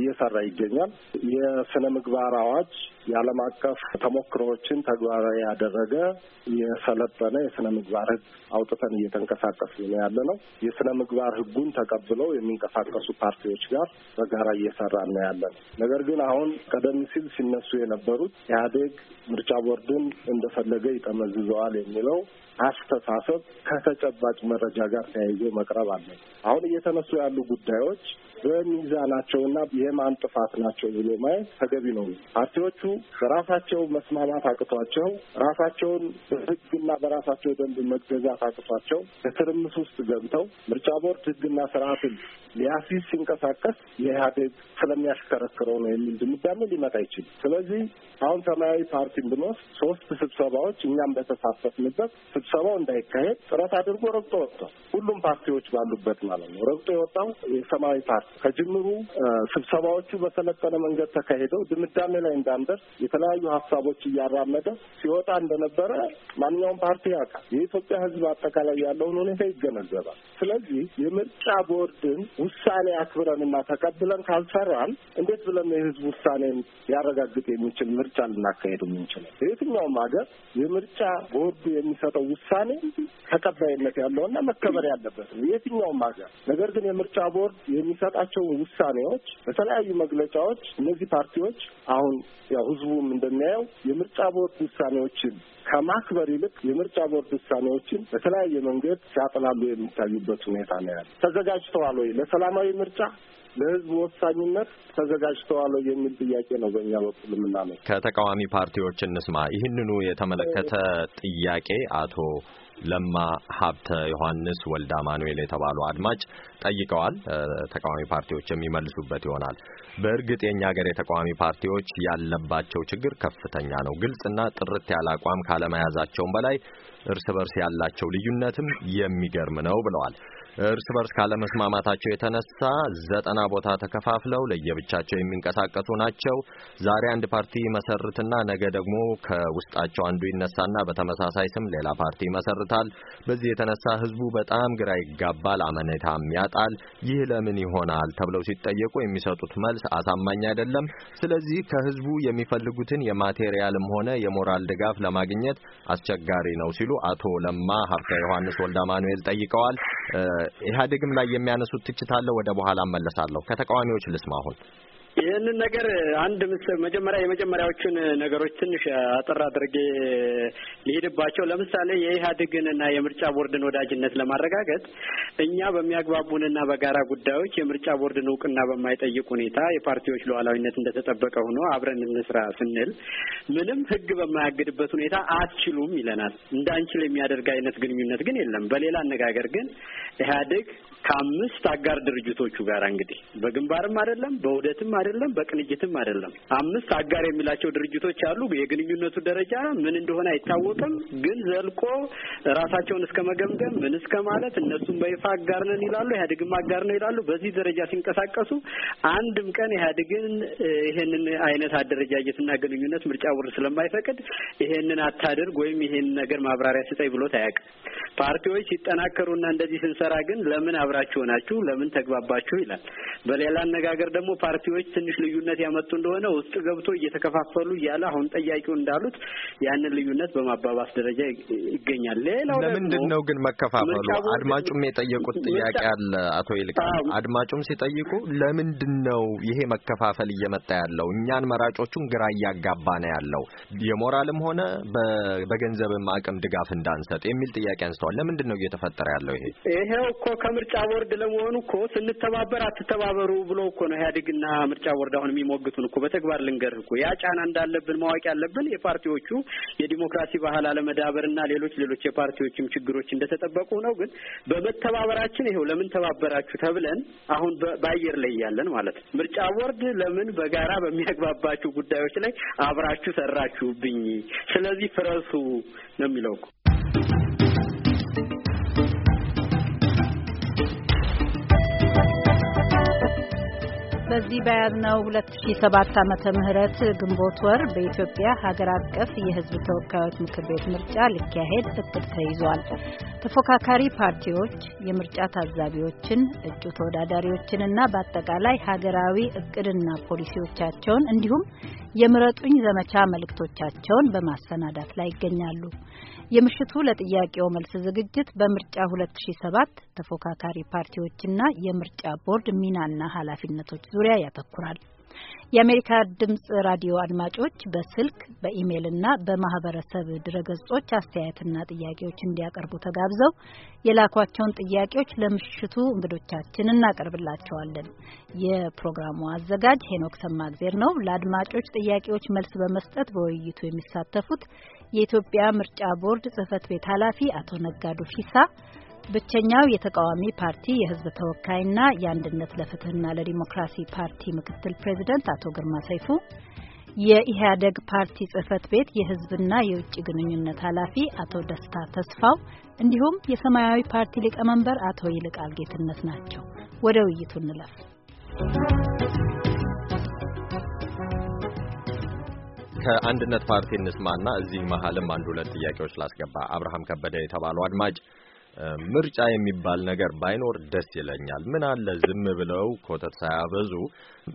S5: እየሰራ ይገኛል። የስነ ምግባር አዋጅ የዓለም አቀፍ ተሞክሮዎችን ተግባራዊ ያደረገ የሰለጠነ የስነ ምግባር ህግ አውጥተን እየተንቀሳቀስ ነው ያለ ነው። የስነ ምግባር ህጉን ተቀብለው የሚንቀሳቀሱ ፓርቲዎች ጋር በጋራ እየሰራ ነው ያለ ነው። ነገር ግን አሁን ቀደም ሲል ሲነሱ የነበሩት ኢህአዴግ ምርጫ ቦርድን እንደፈለገ ይጠመዝዘዋል የሚለው አስተሳሰብ ከተጨባጭ መረጃ ጋር ተያይዞ መቅረብ አለ። አሁን እየተነሱ ያሉ ጉዳዮች በሚዛናቸውና የማን ጥፋት ናቸው ብሎ ማየት ተገቢ ነው። ፓርቲዎቹ በራሳቸው መስማማት አቅቷቸው ራሳቸውን በሕግና በራሳቸው ደንብ መገዛት አቅቷቸው በትርምስ ውስጥ ገብተው ምርጫ ቦርድ ህግና ስርዓትን ሊያሲዝ ሲንቀሳቀስ የኢህአዴግ ስለሚያሽከረክረው ነው የሚል ድምዳሜ ሊመጣ አይችልም። ስለዚህ አሁን ሰማያዊ ፓርቲን ብንወስድ ሶስት ስብሰባዎች እኛም በተሳተፍንበት ስብሰባው እንዳይካሄድ ጥረት አድርጎ ረግጦ ወጥቷል። ሁሉም ፓርቲዎች ባሉበት ማለት ነው። ረግጦ የወጣው የሰማያዊ ፓርቲ ከጅምሩ ስብሰባዎቹ በሰለጠነ መንገድ ተካሂደው ድምዳሜ ላይ እንዳንደርስ የተለያዩ ሀሳቦች እያራመደ ሲወጣ እንደነበረ ማንኛውም ፓርቲ ያውቃል። የኢትዮጵያ ሕዝብ አጠቃላይ ያለውን ሁኔታ ይገነዘባል። ስለዚህ የምርጫ ቦርድን ውሳኔ አክብረንና ተቀብለን ካልሰራን እንዴት ብለን የሕዝብ ውሳኔን ሊያረጋግጥ የሚችል
S2: ምርጫ ልናካሄድ የምንችለው?
S5: የትኛውም ሀገር የምርጫ ቦርዱ የሚሰጠው ውሳኔ ተቀባይነት ያለውና መከበር ያለበት ነው። የትኛውም ሀገር ነገር ግን የምርጫ ቦርድ የሚሰጠው በሚሰጣቸው ውሳኔዎች፣ በተለያዩ መግለጫዎች እነዚህ ፓርቲዎች አሁን ያው ህዝቡም እንደሚያየው የምርጫ ቦርድ ውሳኔዎችን ከማክበር ይልቅ የምርጫ ቦርድ ውሳኔዎችን በተለያየ መንገድ ሲያጥላሉ የሚታዩበት ሁኔታ ነው ያለ። ተዘጋጅተዋል ወይ ለሰላማዊ ምርጫ ለህዝብ ወሳኝነት ተዘጋጅተዋል የሚል ጥያቄ ነው በእኛ በኩል የምናመ
S1: ከተቃዋሚ ፓርቲዎች እንስማ። ይህንኑ የተመለከተ ጥያቄ አቶ ለማ ሀብተ ዮሐንስ ወልዳ ማኑኤል የተባሉ አድማጭ ጠይቀዋል። ተቃዋሚ ፓርቲዎች የሚመልሱበት ይሆናል። በእርግጥ የኛ ሀገር የተቃዋሚ ፓርቲዎች ያለባቸው ችግር ከፍተኛ ነው። ግልጽና ጥርት ያለ አቋም ካለመያዛቸውም በላይ እርስ በርስ ያላቸው ልዩነትም የሚገርም ነው ብለዋል። እርስ በርስ ካለመስማማታቸው የተነሳ ዘጠና ቦታ ተከፋፍለው ለየብቻቸው የሚንቀሳቀሱ ናቸው። ዛሬ አንድ ፓርቲ መሰርትና ነገ ደግሞ ከውስጣቸው አንዱ ይነሳና በተመሳሳይ ስም ሌላ ፓርቲ ይመሰርታል። በዚህ የተነሳ ህዝቡ በጣም ግራ ይጋባል፣ አመኔታም ያጣል። ይህ ለምን ይሆናል ተብለው ሲጠየቁ የሚሰጡት መልስ አሳማኝ አይደለም። ስለዚህ ከህዝቡ የሚፈልጉትን የማቴሪያልም ሆነ የሞራል ድጋፍ ለማግኘት አስቸጋሪ ነው ሲሉ አቶ ለማ ሀብተ ዮሐንስ ወልዳ አማኑኤል ጠይቀዋል። ኢህአዴግም ላይ የሚያነሱት ትችት አለ። ወደ በኋላ እመለሳለሁ። ከተቃዋሚዎች ልስማ አሁን
S2: ይህንን ነገር አንድ ምስ መጀመሪያ የመጀመሪያዎቹን ነገሮች ትንሽ አጠር አድርጌ ሊሄድባቸው። ለምሳሌ የኢህአዴግን እና የምርጫ ቦርድን ወዳጅነት ለማረጋገጥ እኛ በሚያግባቡንና በጋራ ጉዳዮች የምርጫ ቦርድን እውቅና በማይጠይቅ ሁኔታ የፓርቲዎች ሉዓላዊነት እንደተጠበቀ ሆኖ አብረን እንስራ ስንል ምንም ህግ በማያግድበት ሁኔታ አትችሉም ይለናል። እንዳንችል የሚያደርግ አይነት ግንኙነት ግን የለም። በሌላ አነጋገር ግን ኢህአዴግ ከአምስት አጋር ድርጅቶቹ ጋር እንግዲህ በግንባርም አይደለም በውህደትም አይደለም፣ በቅንጅትም አይደለም። አምስት አጋር የሚላቸው ድርጅቶች አሉ። የግንኙነቱ ደረጃ ምን እንደሆነ አይታወቅም። ግን ዘልቆ ራሳቸውን እስከ መገምገም ምን እስከ ማለት እነሱም በይፋ አጋር ነን ይላሉ፣ ኢህአዴግም አጋር ነው ይላሉ። በዚህ ደረጃ ሲንቀሳቀሱ አንድም ቀን ኢህአዴግን ይሄንን አይነት አደረጃጀትና ግንኙነት ምርጫ ውር ስለማይፈቅድ ይሄንን አታድርግ ወይም ይሄን ነገር ማብራሪያ ስጠኝ ብሎት አያውቅም። ፓርቲዎች ሲጠናከሩና እንደዚህ ስንሰራ ግን ለምን አብራችሁ ሆናችሁ ለምን ተግባባችሁ ይላል። በሌላ አነጋገር ደግሞ ፓርቲዎች ትንሽ ልዩነት ያመጡ እንደሆነ ውስጥ ገብቶ እየተከፋፈሉ እያለ አሁን ጠያቂው እንዳሉት ያንን ልዩነት በማባባስ ደረጃ ይገኛል። ሌላው ለምንድን
S1: ነው ግን መከፋፈሉ? አድማጩም የጠየቁት ጥያቄ አለ። አቶ ይልቃል አድማጩም ሲጠይቁ ለምንድን ነው ይሄ መከፋፈል እየመጣ ያለው? እኛን መራጮቹን ግራ እያጋባ ነው ያለው የሞራልም ሆነ በገንዘብም አቅም ድጋፍ እንዳንሰጥ የሚል ጥያቄ አንስተዋል። ለምንድን ነው እየተፈጠረ ያለው ይሄ?
S2: ይሄው እኮ ከምርጫ ቦርድ ለመሆኑ እኮ ስንተባበር አትተባበሩ ብሎ እኮ ነው ኢህአዴግና ምርጫ የኮምቦልቻ አሁን የሚሞግቱን እኮ በተግባር ልንገርህ እኮ ያ ጫና እንዳለብን ማወቅ ያለብን የፓርቲዎቹ የዲሞክራሲ ባህል አለመዳበርና ሌሎች ሌሎች የፓርቲዎችም ችግሮች እንደተጠበቁ ነው። ግን በመተባበራችን ይኸው ለምን ተባበራችሁ ተብለን አሁን በአየር ላይ እያለን ማለት ነው። ምርጫ ቦርድ ለምን በጋራ በሚያግባባችሁ ጉዳዮች ላይ አብራችሁ ሰራችሁብኝ፣ ስለዚህ ፍረሱ ነው የሚለው እኮ
S6: በዚህ በያዝነው 2007 ዓመተ ምህረት ግንቦት ወር በኢትዮጵያ ሀገር አቀፍ የሕዝብ ተወካዮች ምክር ቤት ምርጫ ሊካሄድ እቅድ ተይዟል። ተፎካካሪ ፓርቲዎች የምርጫ ታዛቢዎችን፣ እጩ ተወዳዳሪዎችንና በአጠቃላይ ሀገራዊ እቅድና ፖሊሲዎቻቸውን እንዲሁም የምረጡኝ ዘመቻ መልእክቶቻቸውን በማሰናዳት ላይ ይገኛሉ። የምሽቱ ለጥያቄው መልስ ዝግጅት በምርጫ 2007 ተፎካካሪ ፓርቲዎችና የምርጫ ቦርድ ሚናና ኃላፊነቶች ዙሪያ ያተኩራል። የአሜሪካ ድምጽ ራዲዮ አድማጮች በስልክ በኢሜይልና በማህበረሰብ ድረገጾች አስተያየትና ጥያቄዎች እንዲያቀርቡ ተጋብዘው የላኳቸውን ጥያቄዎች ለምሽቱ እንግዶቻችን እናቀርብላቸዋለን። የፕሮግራሙ አዘጋጅ ሄኖክ ሰማግዜር ነው። ለአድማጮች ጥያቄዎች መልስ በመስጠት በውይይቱ የሚሳተፉት የኢትዮጵያ ምርጫ ቦርድ ጽህፈት ቤት ኃላፊ አቶ ነጋዱ ፊሳ ብቸኛው የተቃዋሚ ፓርቲ የህዝብ ተወካይና የአንድነት ለፍትህና ለዲሞክራሲ ፓርቲ ምክትል ፕሬዚደንት አቶ ግርማ ሰይፉ፣ የኢህአደግ ፓርቲ ጽህፈት ቤት የህዝብና የውጭ ግንኙነት ኃላፊ አቶ ደስታ ተስፋው እንዲሁም የሰማያዊ ፓርቲ ሊቀመንበር አቶ ይልቃል ጌትነት ናቸው። ወደ ውይይቱ እንለፍ።
S1: ከአንድነት ፓርቲ እንስማና እዚህ መሀልም አንድ ሁለት ጥያቄዎች ላስገባ። አብርሃም ከበደ የተባሉ አድማጭ ምርጫ የሚባል ነገር ባይኖር ደስ ይለኛል። ምን አለ ዝም ብለው ኮተት ሳያበዙ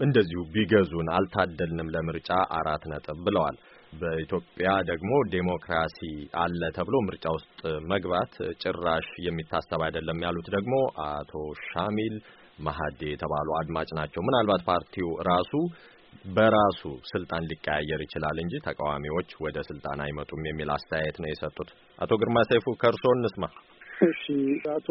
S1: እንደዚሁ ቢገዙን፣ አልታደልንም ለምርጫ አራት ነጥብ ብለዋል። በኢትዮጵያ ደግሞ ዴሞክራሲ አለ ተብሎ ምርጫ ውስጥ መግባት ጭራሽ የሚታሰብ አይደለም ያሉት ደግሞ አቶ ሻሚል መሀዴ የተባሉ አድማጭ ናቸው። ምናልባት ፓርቲው ራሱ በራሱ ስልጣን ሊቀያየር ይችላል እንጂ ተቃዋሚዎች ወደ ስልጣን አይመጡም የሚል አስተያየት ነው የሰጡት። አቶ ግርማ ሰይፉ ከእርስዎ እንስማ።
S4: እሺ አቶ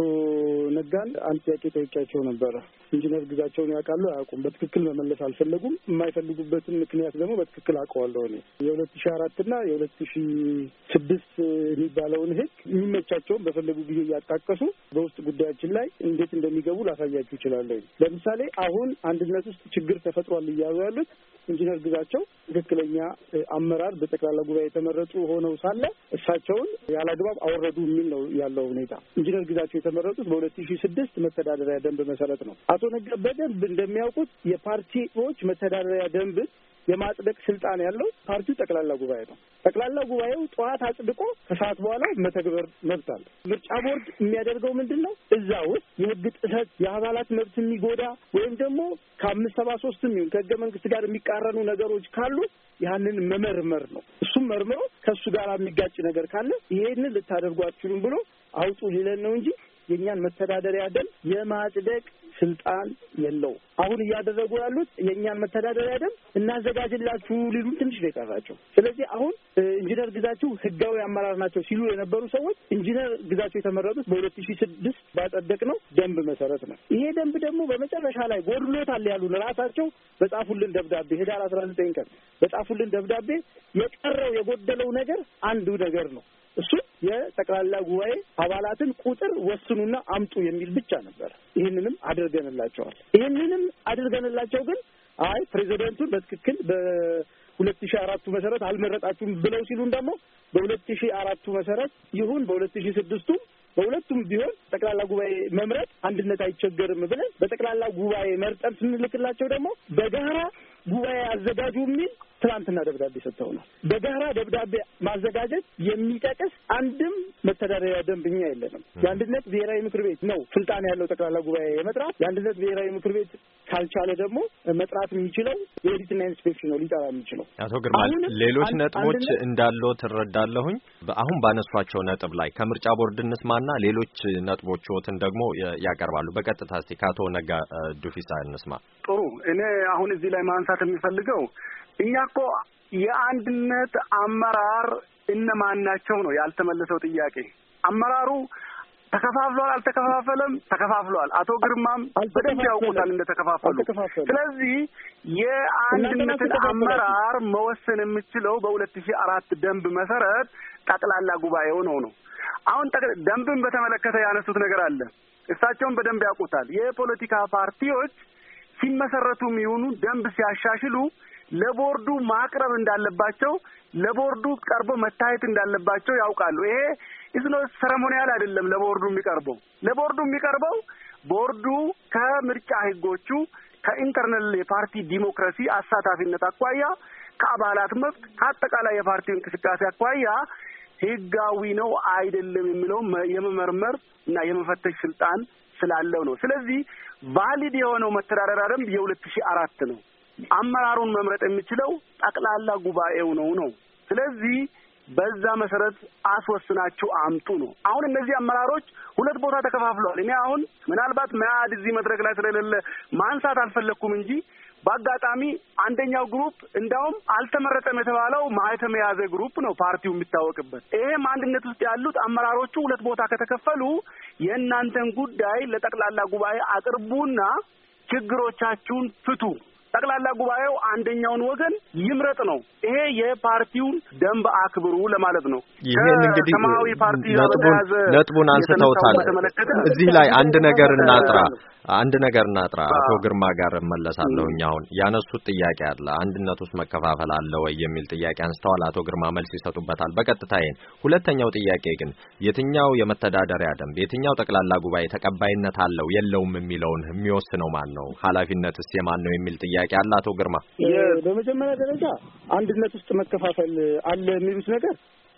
S4: ነጋን አንድ ጥያቄ ጠይቄያቸው ነበረ። ኢንጂነር ግዛቸውን ያውቃሉ አያውቁም? በትክክል መመለስ አልፈለጉም። የማይፈልጉበትን ምክንያት ደግሞ በትክክል አውቀዋለሁ። እኔ የሁለት ሺ አራትና የሁለት ሺ ስድስት የሚባለውን ህግ የሚመቻቸውን በፈለጉ ጊዜ እያጣቀሱ በውስጥ ጉዳያችን ላይ እንዴት እንደሚገቡ ላሳያችሁ ይችላለሁ። ለምሳሌ አሁን አንድነት ውስጥ ችግር ተፈጥሯል እያሉ ያሉት ኢንጂነር ግዛቸው ትክክለኛ አመራር በጠቅላላ ጉባኤ የተመረጡ ሆነው ሳለ እሳቸውን ያላግባብ አወረዱ የሚል ነው ያለው ሁኔታ። ኢንጂነር ግዛቸው የተመረጡት በሁለት ሺ ስድስት መተዳደሪያ ደንብ መሰረት ነው። አቶ ነጋ በደንብ እንደሚያውቁት የፓርቲዎች መተዳደሪያ ደንብ የማጽደቅ ስልጣን ያለው ፓርቲው ጠቅላላ ጉባኤ ነው። ጠቅላላ ጉባኤው ጠዋት አጽድቆ ከሰዓት በኋላ መተግበር መብት አለ። ምርጫ ቦርድ የሚያደርገው ምንድን ነው? እዛ ውስጥ የህግ ጥሰት የአባላት መብት የሚጎዳ ወይም ደግሞ ከአምስት ሰባ ሶስትም ይሁን ከህገ መንግስት ጋር የሚቃረኑ ነገሮች ካሉ ያንን መመርመር ነው። እሱም መርምሮ ከእሱ ጋር የሚጋጭ ነገር ካለ ይሄንን ልታደርጉ ብሎ አውጡ ሊለን ነው እንጂ የእኛን መተዳደሪያ ደንብ የማጽደቅ ስልጣን የለው። አሁን እያደረጉ ያሉት የእኛን መተዳደሪያ ደንብ እናዘጋጅላችሁ ሊሉን ትንሽ ነው የቀራቸው። ስለዚህ አሁን ኢንጂነር ግዛቸው ህጋዊ አመራር ናቸው ሲሉ የነበሩ ሰዎች ኢንጂነር ግዛቸው የተመረጡት በሁለት ሺ ስድስት ባጸደቅ ነው ደንብ መሰረት ነው። ይሄ ደንብ ደግሞ በመጨረሻ ላይ ጎድሎታል ያሉን ራሳቸው በጻፉልን ደብዳቤ ህዳር አስራ ዘጠኝ ቀን በጻፉልን ደብዳቤ የቀረው የጎደለው ነገር አንዱ ነገር ነው። የጠቅላላ ጉባኤ አባላትን ቁጥር ወስኑና አምጡ የሚል ብቻ ነበር። ይህንንም አድርገንላቸዋል። ይህንንም አድርገንላቸው ግን አይ ፕሬዚደንቱን በትክክል በሁለት ሺ አራቱ መሰረት አልመረጣችሁም ብለው ሲሉን ደግሞ በሁለት ሺ አራቱ መሰረት ይሁን በሁለት ሺ ስድስቱ በሁለቱም ቢሆን ጠቅላላ ጉባኤ መምረጥ አንድነት አይቸገርም ብለን በጠቅላላ ጉባኤ መርጠን ስንልክላቸው ደግሞ በጋራ ጉባኤ አዘጋጁ የሚል ትናንትና ደብዳቤ ሰጥተው ነው። በጋራ ደብዳቤ ማዘጋጀት የሚጠቅስ አንድም መተዳደሪያ ደንብኛ የለንም። የአንድነት ብሔራዊ ምክር ቤት ነው ስልጣን ያለው ጠቅላላ ጉባኤ የመጥራት። የአንድነት ብሔራዊ ምክር ቤት ካልቻለ ደግሞ መጥራት የሚችለው የኦዲትና ኢንስፔክሽን ነው ሊጠራ የሚችለው።
S1: አቶ ግርማ ሌሎች ነጥቦች እንዳለው ትረዳለሁኝ። አሁን ባነሷቸው ነጥብ ላይ ከምርጫ ቦርድ እንስማና ሌሎች ነጥቦችዎትን ደግሞ ያቀርባሉ። በቀጥታ እስቲ ከአቶ ነጋ ዱፊሳ እንስማ።
S3: ጥሩ እኔ አሁን እዚህ ላይ ማንሳት የሚፈልገው እኛ እኮ የአንድነት አመራር እነማን ናቸው ነው ያልተመለሰው ጥያቄ። አመራሩ ተከፋፍሏል አልተከፋፈለም? ተከፋፍሏል። አቶ ግርማም በደንብ ያውቁታል እንደተከፋፈሉ። ስለዚህ የአንድነትን አመራር መወሰን የምችለው በሁለት ሺህ አራት ደንብ መሰረት ጠቅላላ ጉባኤው ነው ነው አሁን ደንብን በተመለከተ ያነሱት ነገር አለ። እሳቸውን በደንብ ያውቁታል። የፖለቲካ ፓርቲዎች ሲመሰረቱም ይሁኑ ደንብ ሲያሻሽሉ ለቦርዱ ማቅረብ እንዳለባቸው ለቦርዱ ቀርቦ መታየት እንዳለባቸው ያውቃሉ። ይሄ ኢዝኖ ሰረሞኒያል አይደለም። ለቦርዱ የሚቀርበው ለቦርዱ የሚቀርበው ቦርዱ ከምርጫ ህጎቹ ከኢንተርናል የፓርቲ ዲሞክራሲ አሳታፊነት አኳያ ከአባላት መብት ከአጠቃላይ የፓርቲው እንቅስቃሴ አኳያ ህጋዊ ነው አይደለም የሚለው የመመርመር እና የመፈተሽ ስልጣን ስላለው ነው። ስለዚህ ቫሊድ የሆነው መተዳደሪያ ደንብ የሁለት ሺህ አራት ነው። አመራሩን መምረጥ የሚችለው ጠቅላላ ጉባኤው ነው ነው። ስለዚህ በዛ መሰረት አስወስናችሁ አምጡ ነው። አሁን እነዚህ አመራሮች ሁለት ቦታ ተከፋፍለዋል። እኔ አሁን ምናልባት መያድ እዚህ መድረክ ላይ ስለሌለ ማንሳት አልፈለግኩም እንጂ በአጋጣሚ አንደኛው ግሩፕ እንዳውም አልተመረጠም የተባለው ማህተም የያዘ ግሩፕ ነው ፓርቲው የሚታወቅበት። ይሄም አንድነት ውስጥ ያሉት አመራሮቹ ሁለት ቦታ ከተከፈሉ የእናንተን ጉዳይ ለጠቅላላ ጉባኤ አቅርቡና ችግሮቻችሁን ፍቱ ጠቅላላ ጉባኤው አንደኛውን ወገን ይምረጥ ነው። ይሄ የፓርቲውን ደንብ
S6: አክብሩ ለማለት ነው። ይሄን እንግዲህ ሰማያዊ ፓርቲ ነጥቡን አንስተውታል። እዚህ ላይ
S1: አንድ ነገር እናጥራ አንድ ነገር እናጥራ። አቶ ግርማ ጋር እመለሳለሁኝ። አሁን ያነሱት ጥያቄ አለ። አንድነት ውስጥ መከፋፈል አለ ወይ የሚል ጥያቄ አንስተዋል። አቶ ግርማ መልስ ይሰጡበታል በቀጥታ ይሄን። ሁለተኛው ጥያቄ ግን የትኛው የመተዳደሪያ ደንብ፣ የትኛው ጠቅላላ ጉባኤ ተቀባይነት አለው የለውም የሚለውን የሚወስነው ማን ነው? ኃላፊነትስ የማን ነው የሚል ጥያቄ ጥያቄ አለ። አቶ ግርማ፣
S4: በመጀመሪያ ደረጃ አንድነት ውስጥ መከፋፈል አለ የሚሉት ነገር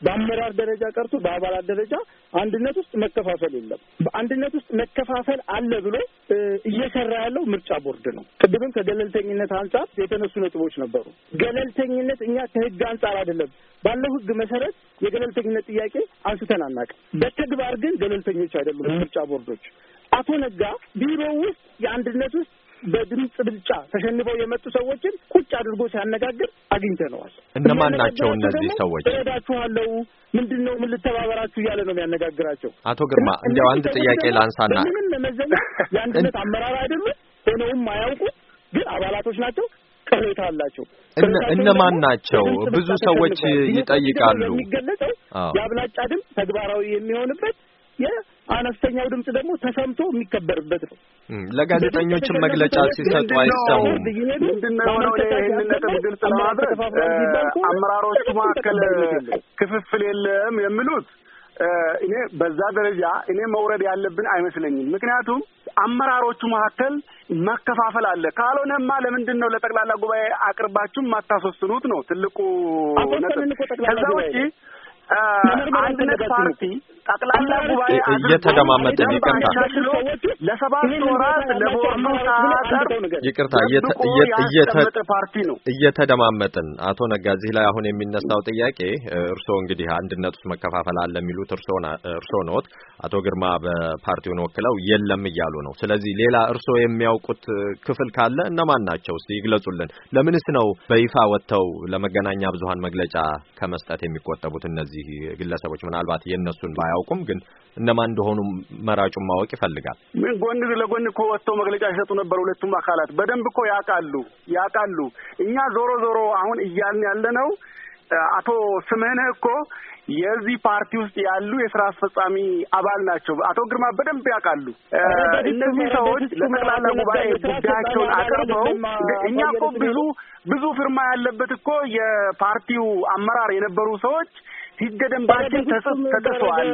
S4: በአመራር ደረጃ ቀርቶ በአባላት ደረጃ አንድነት ውስጥ መከፋፈል የለም። በአንድነት ውስጥ መከፋፈል አለ ብሎ እየሰራ ያለው ምርጫ ቦርድ ነው። ቅድምም ከገለልተኝነት አንጻር የተነሱ ነጥቦች ነበሩ። ገለልተኝነት እኛ ከህግ አንጻር አይደለም፣ ባለው ህግ መሰረት የገለልተኝነት ጥያቄ አንስተን አናውቅም። በተግባር ግን ገለልተኞች አይደሉም ምርጫ ቦርዶች። አቶ ነጋ ቢሮ ውስጥ የአንድነት ውስጥ በድምፅ ብልጫ ተሸንፈው የመጡ ሰዎችን ቁጭ አድርጎ ሲያነጋግር አግኝተነዋል።
S1: እነማን ናቸው እነዚህ ሰዎች?
S4: እረዳችኋለሁ፣ ምንድን ነው ምን ልተባበራችሁ እያለ ነው የሚያነጋግራቸው።
S1: አቶ ግርማ እንዲያው አንድ ጥያቄ ላንሳና ምንም
S4: መመዘኛ የአንድነት አመራር አይደሉም፣ ሆነውም አያውቁ፣ ግን አባላቶች ናቸው። ቅሬታ አላቸው። እነማን
S1: ናቸው? ብዙ ሰዎች ይጠይቃሉ። የሚገለጸው የአብላጫ
S4: ድምፅ ተግባራዊ የሚሆንበት አነስተኛው ድምጽ ደግሞ ተሰምቶ የሚከበርበት ነው።
S6: ለጋዜጠኞችም መግለጫ ሲሰጡ አይሰሙም።
S3: አመራሮቹ መካከል ክፍፍል የለም የሚሉት እኔ በዛ ደረጃ እኔ መውረድ ያለብን አይመስለኝም። ምክንያቱም አመራሮቹ መካከል መከፋፈል አለ። ካልሆነማ ለምንድን ነው ለጠቅላላ ጉባኤ አቅርባችሁ የማታስወስኑት? ነው ትልቁ ነጥብ። ከዛ ውጪ አንድነት ፓርቲ
S4: ጠቅላላ ጉባኤ
S1: እየተደማመጠ ይቅርታ፣
S3: ለሰባት ወራት ለቦርዱ ሳያቀርብ
S1: ይቅርታ፣ ፓርቲ ነው እየተደማመጥን። አቶ ነጋ፣ እዚህ ላይ አሁን የሚነሳው ጥያቄ እርስዎ እንግዲህ አንድነት ውስጥ መከፋፈል አለ የሚሉት እርስዎ ነዎት። አቶ ግርማ በፓርቲውን ወክለው የለም እያሉ ነው። ስለዚህ ሌላ እርስዎ የሚያውቁት ክፍል ካለ እነማን ናቸው እስቲ ይግለጹልን። ለምንስ ነው በይፋ ወጥተው ለመገናኛ ብዙሃን መግለጫ ከመስጠት የሚቆጠቡት እነዚህ እነዚህ ግለሰቦች ምናልባት የእነሱን ባያውቁም ግን እነማን እንደሆኑ መራጩን ማወቅ ይፈልጋል።
S3: ምን ጎን ለጎን እኮ ወጥተው መግለጫ ይሰጡ ነበር። ሁለቱም አካላት በደንብ እኮ ያውቃሉ ያውቃሉ። እኛ ዞሮ ዞሮ አሁን እያልን ያለ ነው አቶ ስምህነህ እኮ የዚህ ፓርቲ ውስጥ ያሉ የስራ አስፈጻሚ አባል ናቸው። አቶ ግርማ በደንብ ያውቃሉ። እነዚህ ሰዎች ለጠቅላላ ጉባኤ ጉዳያቸውን አቅርበው እኛ እኮ ብዙ ብዙ ፍርማ ያለበት እኮ የፓርቲው አመራር የነበሩ ሰዎች ሕገ ደንባችን ተጥሷል።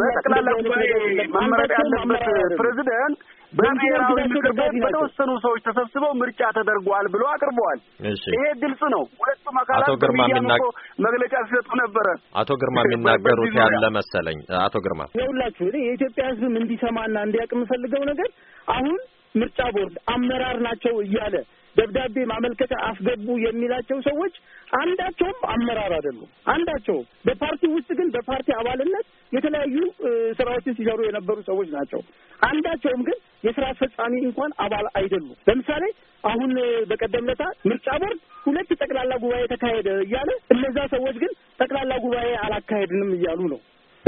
S3: በጠቅላላ ጉባኤ መመረጥ ያለበት ፕሬዚደንት በብሔራዊ ምክር ቤት በተወሰኑ ሰዎች ተሰብስበው ምርጫ ተደርጓል ብሎ አቅርበዋል። ይሄ ግልጽ ነው። ሁለቱም አካላት ግርማ መግለጫ
S1: ሲሰጡ ነበረ። አቶ ግርማ የሚናገሩት ያለ መሰለኝ። አቶ ግርማ
S3: ይኸውላችሁ፣
S4: እኔ የኢትዮጵያ ሕዝብም እንዲሰማና እንዲያውቅ የምፈልገው ነገር አሁን ምርጫ ቦርድ አመራር ናቸው እያለ ደብዳቤ ማመልከቻ አስገቡ የሚላቸው ሰዎች አንዳቸውም አመራር አይደሉም። አንዳቸውም በፓርቲ ውስጥ ግን በፓርቲ አባልነት የተለያዩ ስራዎችን ሲሰሩ የነበሩ ሰዎች ናቸው። አንዳቸውም ግን የስራ አስፈጻሚ እንኳን አባል አይደሉም። ለምሳሌ አሁን በቀደም ለታ ምርጫ ቦርድ ሁለት ጠቅላላ ጉባኤ ተካሄደ እያለ እነዛ ሰዎች ግን ጠቅላላ ጉባኤ አላካሄድንም እያሉ ነው።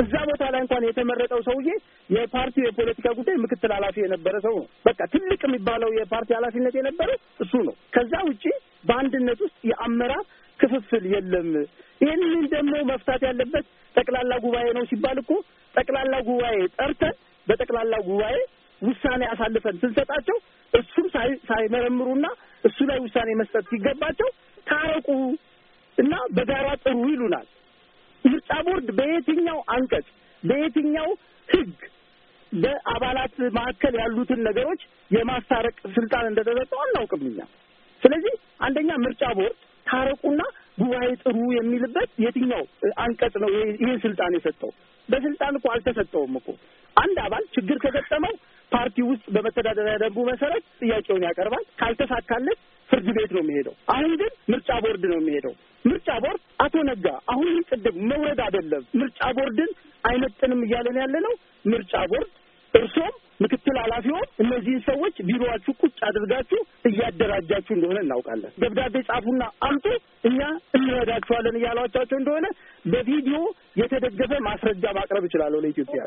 S4: እዛ ቦታ ላይ እንኳን የተመረጠው ሰውዬ የፓርቲው የፖለቲካ ጉዳይ ምክትል ኃላፊ የነበረ ሰው ነው። በቃ ትልቅ የሚባለው የፓርቲ ኃላፊነት የነበረው እሱ ነው። ከዛ ውጪ በአንድነት ውስጥ የአመራር ክፍፍል የለም። ይህንን ደግሞ መፍታት ያለበት ጠቅላላ ጉባኤ ነው ሲባል እኮ ጠቅላላ ጉባኤ ጠርተን በጠቅላላ ጉባኤ ውሳኔ አሳልፈን ስንሰጣቸው እሱም ሳይመረምሩና እሱ ላይ ውሳኔ መስጠት ሲገባቸው ታረቁ እና በጋራ ጥሩ ይሉናል። ምርጫ ቦርድ በየትኛው አንቀጽ በየትኛው ህግ በአባላት መካከል ያሉትን ነገሮች የማስታረቅ ስልጣን እንደተሰጠው አናውቅም እኛ። ስለዚህ አንደኛ ምርጫ ቦርድ ታረቁና ጉባኤ ጥሩ የሚልበት የትኛው አንቀጽ ነው ይህን ስልጣን የሰጠው? በስልጣን እኮ አልተሰጠውም እኮ። አንድ አባል ችግር ከገጠመው ፓርቲ ውስጥ በመተዳደሪያ ደንቡ መሰረት ጥያቄውን ያቀርባል። ካልተሳካለት ፍርድ ቤት ነው የሚሄደው። አሁን ግን ምርጫ ቦርድ ነው የሚሄደው። ምርጫ ቦርድ አቶ ነጋ አሁን ቅድም መውረድ አይደለም ምርጫ ቦርድን አይመጥንም እያለን ያለ ነው። ምርጫ ቦርድ እርሶም ምክትል ኃላፊውም እነዚህን ሰዎች ቢሮዋችሁ ቁጭ አድርጋችሁ እያደራጃችሁ እንደሆነ እናውቃለን። ደብዳቤ ጻፉና አምጡ፣ እኛ እንረዳችኋለን እያሏቸው እንደሆነ በቪዲዮ የተደገፈ ማስረጃ ማቅረብ እችላለሁ ለኢትዮጵያ።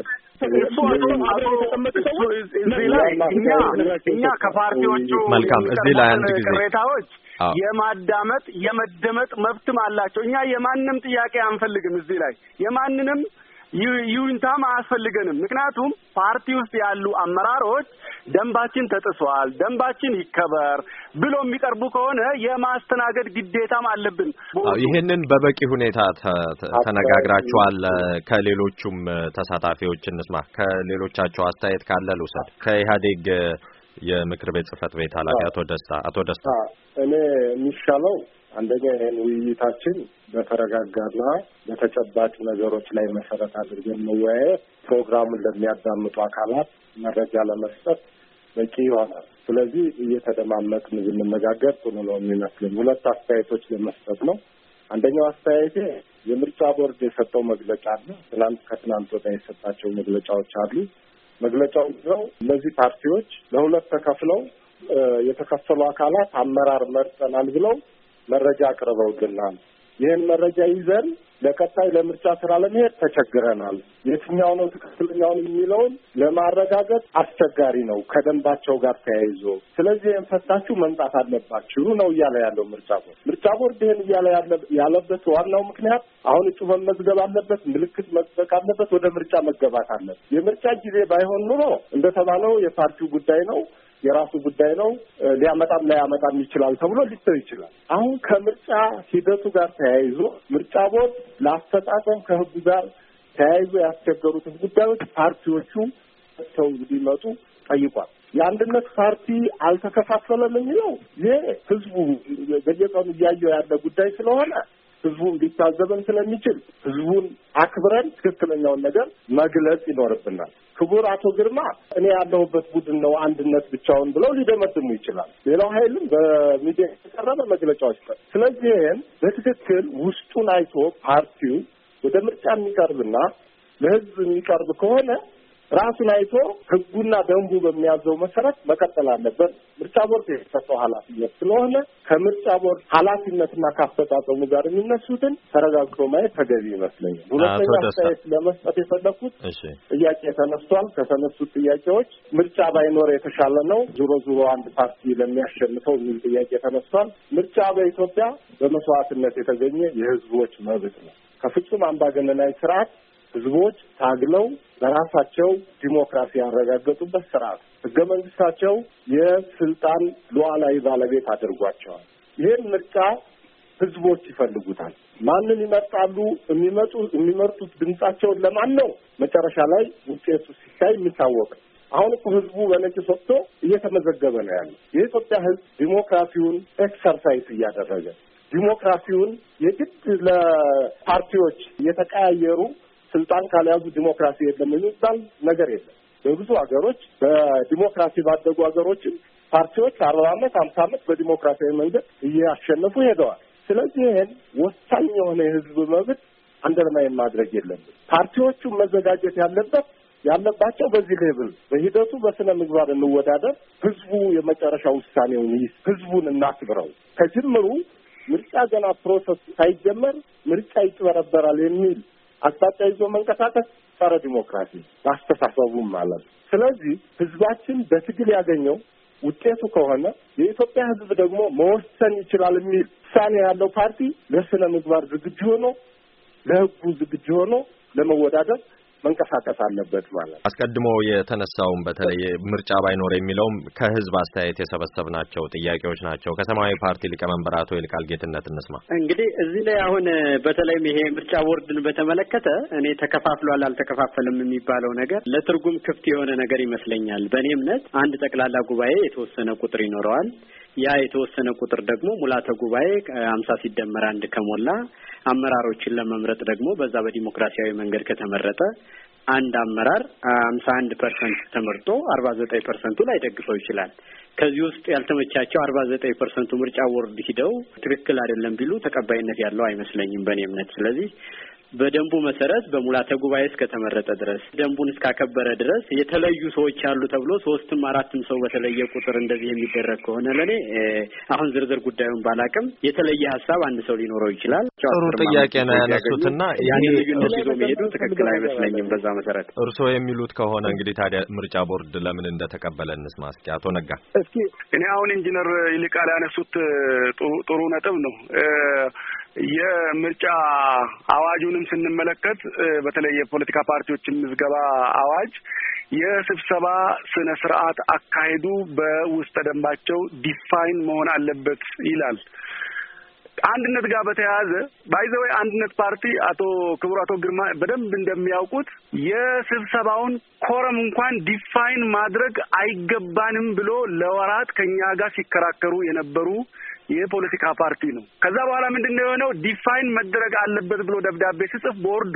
S3: እኛ ከፓርቲዎቹ
S4: መልካም
S1: እዚህ ላይ አንድ ጊዜ
S3: ቅሬታዎች የማዳመጥ የመደመጥ መብትም አላቸው። እኛ የማንም ጥያቄ አንፈልግም። እዚህ ላይ የማንንም ይሁንታም አያስፈልገንም። ምክንያቱም ፓርቲ ውስጥ ያሉ አመራሮች ደንባችን ተጥሷል፣ ደንባችን ይከበር ብሎ የሚቀርቡ ከሆነ የማስተናገድ ግዴታም አለብን።
S1: ይህንን በበቂ ሁኔታ ተነጋግራችኋል? ከሌሎቹም ተሳታፊዎች እንስማ። ከሌሎቻቸው አስተያየት ካለ ልውሰድ። ከኢህአዴግ የምክር ቤት ጽህፈት ቤት ኃላፊ አቶ ደስታ አቶ ደስታ
S5: እኔ የሚሻለው አንደኛ ይህን ውይይታችን በተረጋጋና በተጨባጭ ነገሮች ላይ መሰረት አድርገን መወያየት ፕሮግራሙን ለሚያዳምጡ አካላት መረጃ ለመስጠት በቂ ይሆናል። ስለዚህ እየተደማመጥን ብንነጋገር ጥሩ ነው የሚመስለኝ። ሁለት አስተያየቶች ለመስጠት ነው። አንደኛው አስተያየቴ የምርጫ ቦርድ የሰጠው መግለጫ አለ። ትናንት ከትናንት ወዲያ የሰጣቸው መግለጫዎች አሉ። መግለጫው ነው እነዚህ ፓርቲዎች ለሁለት ተከፍለው የተከፈሉ አካላት አመራር መርጠናል ብለው መረጃ አቅርበውልናል። ይህን መረጃ ይዘን ለቀጣይ ለምርጫ ስራ ለመሄድ ተቸግረናል። የትኛው ነው ትክክለኛውን የሚለውን ለማረጋገጥ አስቸጋሪ ነው ከደንባቸው ጋር ተያይዞ። ስለዚህ ይህን ፈታችሁ መምጣት አለባችሁ ነው እያለ ያለው ምርጫ ቦርድ። ምርጫ ቦርድ ይህን እያለ ያለበት ዋናው ምክንያት አሁን እጩ መመዝገብ አለበት፣ ምልክት መስጠቅ አለበት፣ ወደ ምርጫ መገባት አለበት። የምርጫ ጊዜ ባይሆን ኑሮ እንደተባለው የፓርቲው ጉዳይ ነው የራሱ ጉዳይ ነው። ሊያመጣም ላያመጣም ይችላል ተብሎ ሊተው ይችላል። አሁን ከምርጫ ሂደቱ ጋር ተያይዞ ምርጫ ቦርድ ለአፈጻጸም ከህጉ ጋር ተያይዞ ያስቸገሩትን ጉዳዮች ፓርቲዎቹ ተው እንዲመጡ ጠይቋል። የአንድነት ፓርቲ አልተከፋፈለም የሚለው ይህ ህዝቡ በየቀኑ እያየው ያለ ጉዳይ ስለሆነ ህዝቡን ሊታዘበን ስለሚችል ህዝቡን አክብረን ትክክለኛውን ነገር መግለጽ ይኖርብናል። ክቡር አቶ ግርማ እኔ ያለሁበት ቡድን ነው አንድነት ብቻውን ብለው ሊደመድሙ ይችላል። ሌላው ኃይልም በሚዲያ የተቀረበ መግለጫዎች ነው። ስለዚህ ይህን በትክክል ውስጡን አይቶ ፓርቲው ወደ ምርጫ የሚቀርብና ለህዝብ የሚቀርብ ከሆነ ራሱን አይቶ ህጉና ደንቡ በሚያዘው መሰረት መቀጠል አለበት። ምርጫ ቦርድ የተሰጠው ኃላፊነት ስለሆነ ከምርጫ ቦርድ ኃላፊነትና ካፈጻጸሙ ጋር የሚነሱትን ተረጋግቶ ማየት ተገቢ ይመስለኛል። ሁለተኛ አስተያየት ለመስጠት የፈለኩት ጥያቄ ተነስቷል። ከተነሱት ጥያቄዎች ምርጫ ባይኖር የተሻለ ነው፣ ዙሮ ዙሮ አንድ ፓርቲ ለሚያሸንፈው የሚል ጥያቄ ተነስቷል። ምርጫ በኢትዮጵያ በመስዋዕትነት የተገኘ የህዝቦች መብት ነው። ከፍጹም አምባገነናዊ ስርዓት ህዝቦች ታግለው በራሳቸው ዲሞክራሲ ያረጋገጡበት ስርዓት ህገ መንግስታቸው የስልጣን ሉዓላዊ ባለቤት አድርጓቸዋል። ይህን ምርጫ ህዝቦች ይፈልጉታል። ማንን ይመርጣሉ? የሚመጡ የሚመርጡት ድምጻቸውን ለማን ነው? መጨረሻ ላይ ውጤቱ ሲሳይ የሚታወቅ አሁን እኮ ህዝቡ በነቂስ ወጥቶ እየተመዘገበ ነው ያለው። የኢትዮጵያ ህዝብ ዲሞክራሲውን ኤክሰርሳይዝ እያደረገ ዲሞክራሲውን የግድ ለፓርቲዎች እየተቀያየሩ ስልጣን ካልያዙ ዲሞክራሲ የለም የሚባል ነገር የለም። በብዙ ሀገሮች በዲሞክራሲ ባደጉ ሀገሮችም ፓርቲዎች አርባ አመት ሀምሳ አመት በዲሞክራሲያዊ መንገድ እያሸነፉ ሄደዋል። ስለዚህ ይህን ወሳኝ የሆነ የህዝብ መብት አንደርማይን ማድረግ የለብን። ፓርቲዎቹ መዘጋጀት ያለበት ያለባቸው በዚህ ሌብል በሂደቱ በስነ ምግባር እንወዳደር፣ ህዝቡ የመጨረሻ ውሳኔውን ይስ ህዝቡን እናክብረው። ከጅምሩ ምርጫ ገና ፕሮሰስ ሳይጀመር ምርጫ ይጭበረበራል የሚል አቅጣጫ ይዞ መንቀሳቀስ ጸረ ዲሞክራሲ አስተሳሰቡም ማለት ነው። ስለዚህ ህዝባችን በትግል ያገኘው ውጤቱ ከሆነ የኢትዮጵያ ህዝብ ደግሞ መወሰን ይችላል የሚል ውሳኔ ያለው ፓርቲ ለስነ ምግባር ዝግጁ ሆኖ ለህጉ ዝግጁ ሆኖ ለመወዳደር መንቀሳቀስ አለበት ማለት
S1: አስቀድሞ የተነሳውም በተለይ ምርጫ ባይኖር የሚለውም ከህዝብ አስተያየት የሰበሰብናቸው ጥያቄዎች ናቸው። ከሰማያዊ ፓርቲ ሊቀመንበር አቶ ይልቃል ጌትነት እንስማ።
S2: እንግዲህ እዚህ ላይ አሁን በተለይም ይሄ ምርጫ ቦርድን በተመለከተ እኔ ተከፋፍሏል አልተከፋፈልም የሚባለው ነገር ለትርጉም ክፍት የሆነ ነገር ይመስለኛል። በእኔ እምነት አንድ ጠቅላላ ጉባኤ የተወሰነ ቁጥር ይኖረዋል። ያ የተወሰነ ቁጥር ደግሞ ሙላተ ጉባኤ አምሳ ሲደመር አንድ ከሞላ አመራሮችን ለመምረጥ ደግሞ በዛ በዲሞክራሲያዊ መንገድ ከተመረጠ አንድ አመራር አምሳ አንድ ፐርሰንት ተመርጦ አርባ ዘጠኝ ፐርሰንቱ ደግፈው ይችላል። ከዚህ ውስጥ ያልተመቻቸው አርባ ዘጠኝ ፐርሰንቱ ምርጫ ቦርድ ሂደው ትክክል አይደለም ቢሉ ተቀባይነት ያለው አይመስለኝም በእኔ እምነት። ስለዚህ በደንቡ መሰረት በሙላተ ጉባኤ እስከተመረጠ ድረስ ደንቡን እስካከበረ ድረስ የተለዩ ሰዎች አሉ ተብሎ ሶስትም አራትም ሰው በተለየ ቁጥር እንደዚህ የሚደረግ ከሆነ ለእኔ አሁን ዝርዝር ጉዳዩን ባላቅም የተለየ ሀሳብ አንድ ሰው ሊኖረው ይችላል። ጥሩ ጥያቄ ነው ያነሱትና ያንን ልዩነት ይዞ መሄዱ ትክክል አይመስለኝም።
S3: በዛ መሰረት
S1: እርስዎ የሚሉት ከሆነ እንግዲህ ታዲያ ምርጫ ቦርድ ለምን እንደተቀበለ እንስማ። እስኪ አቶ ነጋ።
S3: እስኪ እኔ አሁን ኢንጂነር ይልቃል ያነሱት ጥሩ ነጥብ ነው። የምርጫ አዋጁንም ስንመለከት በተለይ የፖለቲካ ፓርቲዎችን ምዝገባ አዋጅ የስብሰባ ስነ ስርዓት አካሄዱ በውስጠ ደንባቸው ዲፋይን መሆን አለበት ይላል። አንድነት ጋር በተያያዘ ባይዘወይ አንድነት ፓርቲ አቶ ክቡር አቶ ግርማ በደንብ እንደሚያውቁት የስብሰባውን ኮረም እንኳን ዲፋይን ማድረግ አይገባንም ብሎ ለወራት ከኛ ጋር ሲከራከሩ የነበሩ የፖለቲካ ፓርቲ ነው። ከዛ በኋላ ምንድን ነው የሆነው? ዲፋይን መደረግ አለበት ብሎ ደብዳቤ ስጽፍ ቦርዱ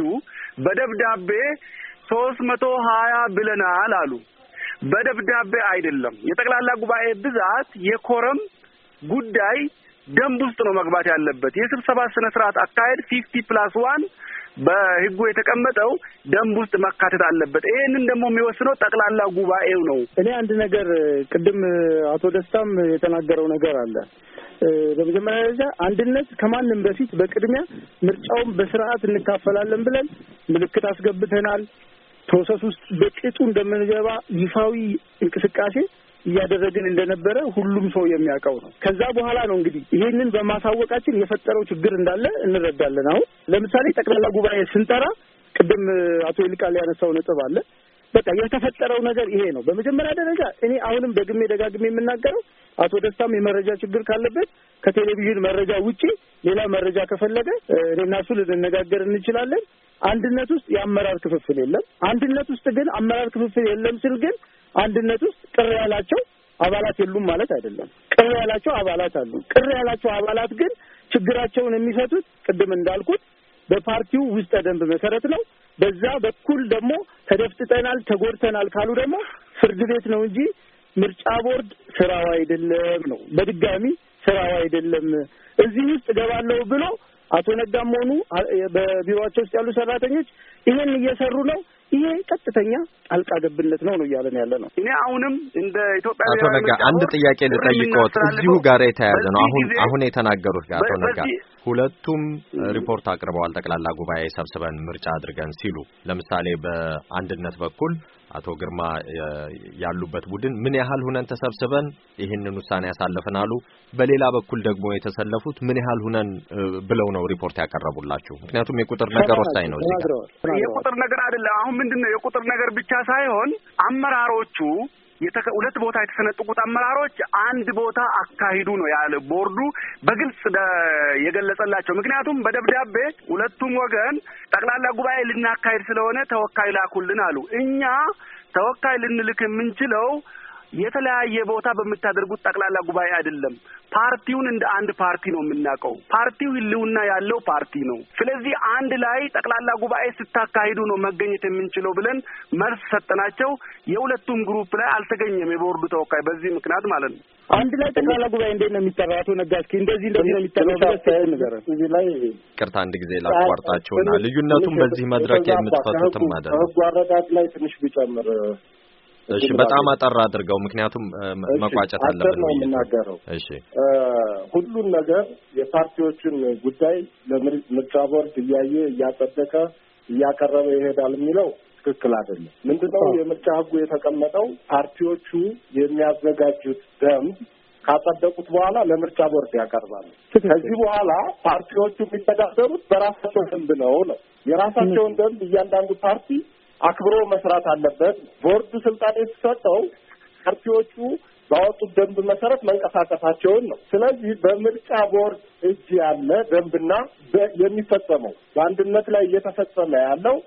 S3: በደብዳቤ ሶስት መቶ ሀያ ብለናል አሉ። በደብዳቤ አይደለም። የጠቅላላ ጉባኤ ብዛት የኮረም ጉዳይ ደንብ ውስጥ ነው መግባት ያለበት። የስብሰባ ስነ ስርዓት አካሄድ ፊፍቲ ፕላስ ዋን በህጉ የተቀመጠው ደንብ ውስጥ መካተት አለበት። ይህንን ደግሞ የሚወስነው ጠቅላላ ጉባኤው ነው። እኔ አንድ ነገር ቅድም አቶ ደስታም የተናገረው
S4: ነገር አለ። በመጀመሪያ ደረጃ አንድነት ከማንም በፊት በቅድሚያ ምርጫውን በስርዓት እንካፈላለን ብለን ምልክት አስገብተናል። ፕሮሰስ ውስጥ በቅጡ እንደምንገባ ይፋዊ እንቅስቃሴ እያደረግን እንደነበረ ሁሉም ሰው የሚያውቀው ነው። ከዛ በኋላ ነው እንግዲህ ይሄንን በማሳወቃችን የፈጠረው ችግር እንዳለ እንረዳለን። አሁን ለምሳሌ ጠቅላላ ጉባኤ ስንጠራ ቅድም አቶ ይልቃል ያነሳው ነጥብ አለ። በቃ የተፈጠረው ነገር ይሄ ነው። በመጀመሪያ ደረጃ እኔ አሁንም ደግሜ ደጋግሜ የምናገረው አቶ ደስታም የመረጃ ችግር ካለበት ከቴሌቪዥን መረጃ ውጪ ሌላ መረጃ ከፈለገ እኔና እሱ ልንነጋገር እንችላለን። አንድነት ውስጥ የአመራር ክፍፍል የለም። አንድነት ውስጥ ግን አመራር ክፍፍል የለም ስል ግን አንድነት ውስጥ ቅር ያላቸው አባላት የሉም ማለት አይደለም። ቅር ያላቸው አባላት አሉ። ቅር ያላቸው አባላት ግን ችግራቸውን የሚፈቱት ቅድም እንዳልኩት በፓርቲው ውስጠ ደንብ መሰረት ነው። በዛ በኩል ደግሞ ተደፍጥጠናል፣ ተጎድተናል ካሉ ደግሞ ፍርድ ቤት ነው እንጂ ምርጫ ቦርድ ስራው አይደለም ነው። በድጋሚ ስራው አይደለም እዚህ ውስጥ ገባለሁ ብሎ አቶ ነጋም ሆኑ በቢሮቸው ውስጥ ያሉ ሰራተኞች ይሄን እየሰሩ ነው። ይሄ ቀጥተኛ ጣልቃ ገብነት ነው ነው እያለን ያለ ነው። እኔ አሁንም እንደ ኢትዮጵያ አቶ ነጋ
S1: አንድ ጥያቄ ልጠይቅዎት እዚሁ ጋር የተያያዘ ነው። አሁን አሁን የተናገሩት ጋር አቶ ነጋ ሁለቱም ሪፖርት አቅርበዋል። ጠቅላላ ጉባኤ ሰብስበን ምርጫ አድርገን ሲሉ ለምሳሌ በአንድነት በኩል አቶ ግርማ ያሉበት ቡድን ምን ያህል ሁነን ተሰብስበን ይህንን ውሳኔ ያሳለፍን አሉ። በሌላ በኩል ደግሞ የተሰለፉት ምን ያህል ሁነን ብለው ነው ሪፖርት ያቀረቡላችሁ? ምክንያቱም የቁጥር ነገር ወሳኝ ነው። እዚህ
S3: የቁጥር ነገር አይደለም። አሁን ምንድን ነው የቁጥር ነገር ብቻ ሳይሆን አመራሮቹ ሁለት ቦታ የተሰነጠቁት አመራሮች አንድ ቦታ አካሂዱ ነው ያለ ቦርዱ በግልጽ የገለጸላቸው። ምክንያቱም በደብዳቤ ሁለቱም ወገን ጠቅላላ ጉባኤ ልናካሄድ ስለሆነ ተወካይ ላኩልን አሉ። እኛ ተወካይ ልንልክ የምንችለው የተለያየ ቦታ በምታደርጉት ጠቅላላ ጉባኤ አይደለም። ፓርቲውን እንደ አንድ ፓርቲ ነው የምናውቀው። ፓርቲው ህልውና ያለው ፓርቲ ነው። ስለዚህ አንድ ላይ ጠቅላላ ጉባኤ ስታካሂዱ ነው መገኘት የምንችለው ብለን መልስ ሰጠናቸው። የሁለቱም ግሩፕ ላይ አልተገኘም የቦርዱ ተወካይ በዚህ ምክንያት ማለት ነው። አንድ ላይ ጠቅላላ ጉባኤ እንዴት ነው የሚጠራ? አቶ ነጋ እስኪ እንደዚህ እንደዚህ ነው የሚጠራው። እዚህ ላይ
S1: ቅርታ አንድ ጊዜ ላቋርጣቸውና ልዩነቱም በዚህ መድረክ የምትፈቱትም አይደለም። ህጉ
S5: አረዳድ ላይ ትንሽ ቢጨምር
S1: እሺ፣ በጣም አጠር አድርገው ምክንያቱም መቋጨት አለብን ነው የምናገረው። እሺ፣
S5: ሁሉን ነገር የፓርቲዎችን ጉዳይ ለምርጫ ቦርድ እያየ እያጸደቀ እያቀረበ ይሄዳል የሚለው ትክክል አይደለም። ምንድነው የምርጫ ህጉ የተቀመጠው ፓርቲዎቹ የሚያዘጋጁት ደንብ ካጸደቁት በኋላ ለምርጫ ቦርድ ያቀርባሉ። ከዚህ በኋላ ፓርቲዎቹ የሚተዳደሩት በራሳቸው ደንብ ነው ነው የራሳቸውን ደንብ እያንዳንዱ ፓርቲ አክብሮ መስራት አለበት። ቦርዱ ስልጣን የተሰጠው ፓርቲዎቹ ባወጡት ደንብ መሰረት መንቀሳቀሳቸውን ነው። ስለዚህ በምርጫ ቦርድ እጅ ያለ ደንብና የሚፈጸመው በአንድነት ላይ እየተፈጸመ ያለው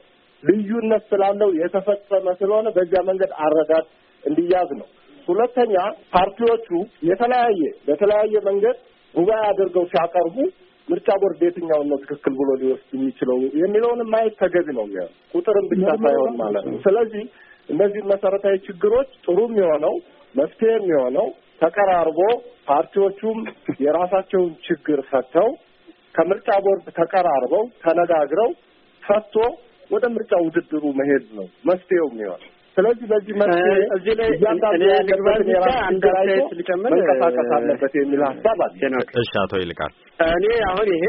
S5: ልዩነት ስላለው የተፈጸመ ስለሆነ በዚያ መንገድ አረዳድ እንዲያዝ ነው። ሁለተኛ ፓርቲዎቹ የተለያየ በተለያየ መንገድ ጉባኤ አድርገው ሲያቀርቡ ምርጫ ቦርድ የትኛውን ነው ትክክል ብሎ ሊወስድ የሚችለው የሚለውንም ማየት ተገቢ ነው ቁጥርም ብቻ ሳይሆን ማለት ነው። ስለዚህ እነዚህ መሰረታዊ ችግሮች ጥሩም የሆነው መፍትሄም የሆነው ተቀራርቦ ፓርቲዎቹም የራሳቸውን ችግር ፈተው ከምርጫ ቦርድ ተቀራርበው ተነጋግረው ፈቶ ወደ ምርጫ ውድድሩ መሄድ ነው መፍትሄው የሚሆን ስለዚህ በዚህ መልክ እዚህ ላይ እያንዳንዱ ያለበት የራሱ ተራይቶ መንቀሳቀስ አለበት
S2: የሚል ሀሳብ አለ።
S1: እሺ፣ አቶ ይልቃል
S2: እኔ አሁን ይሄ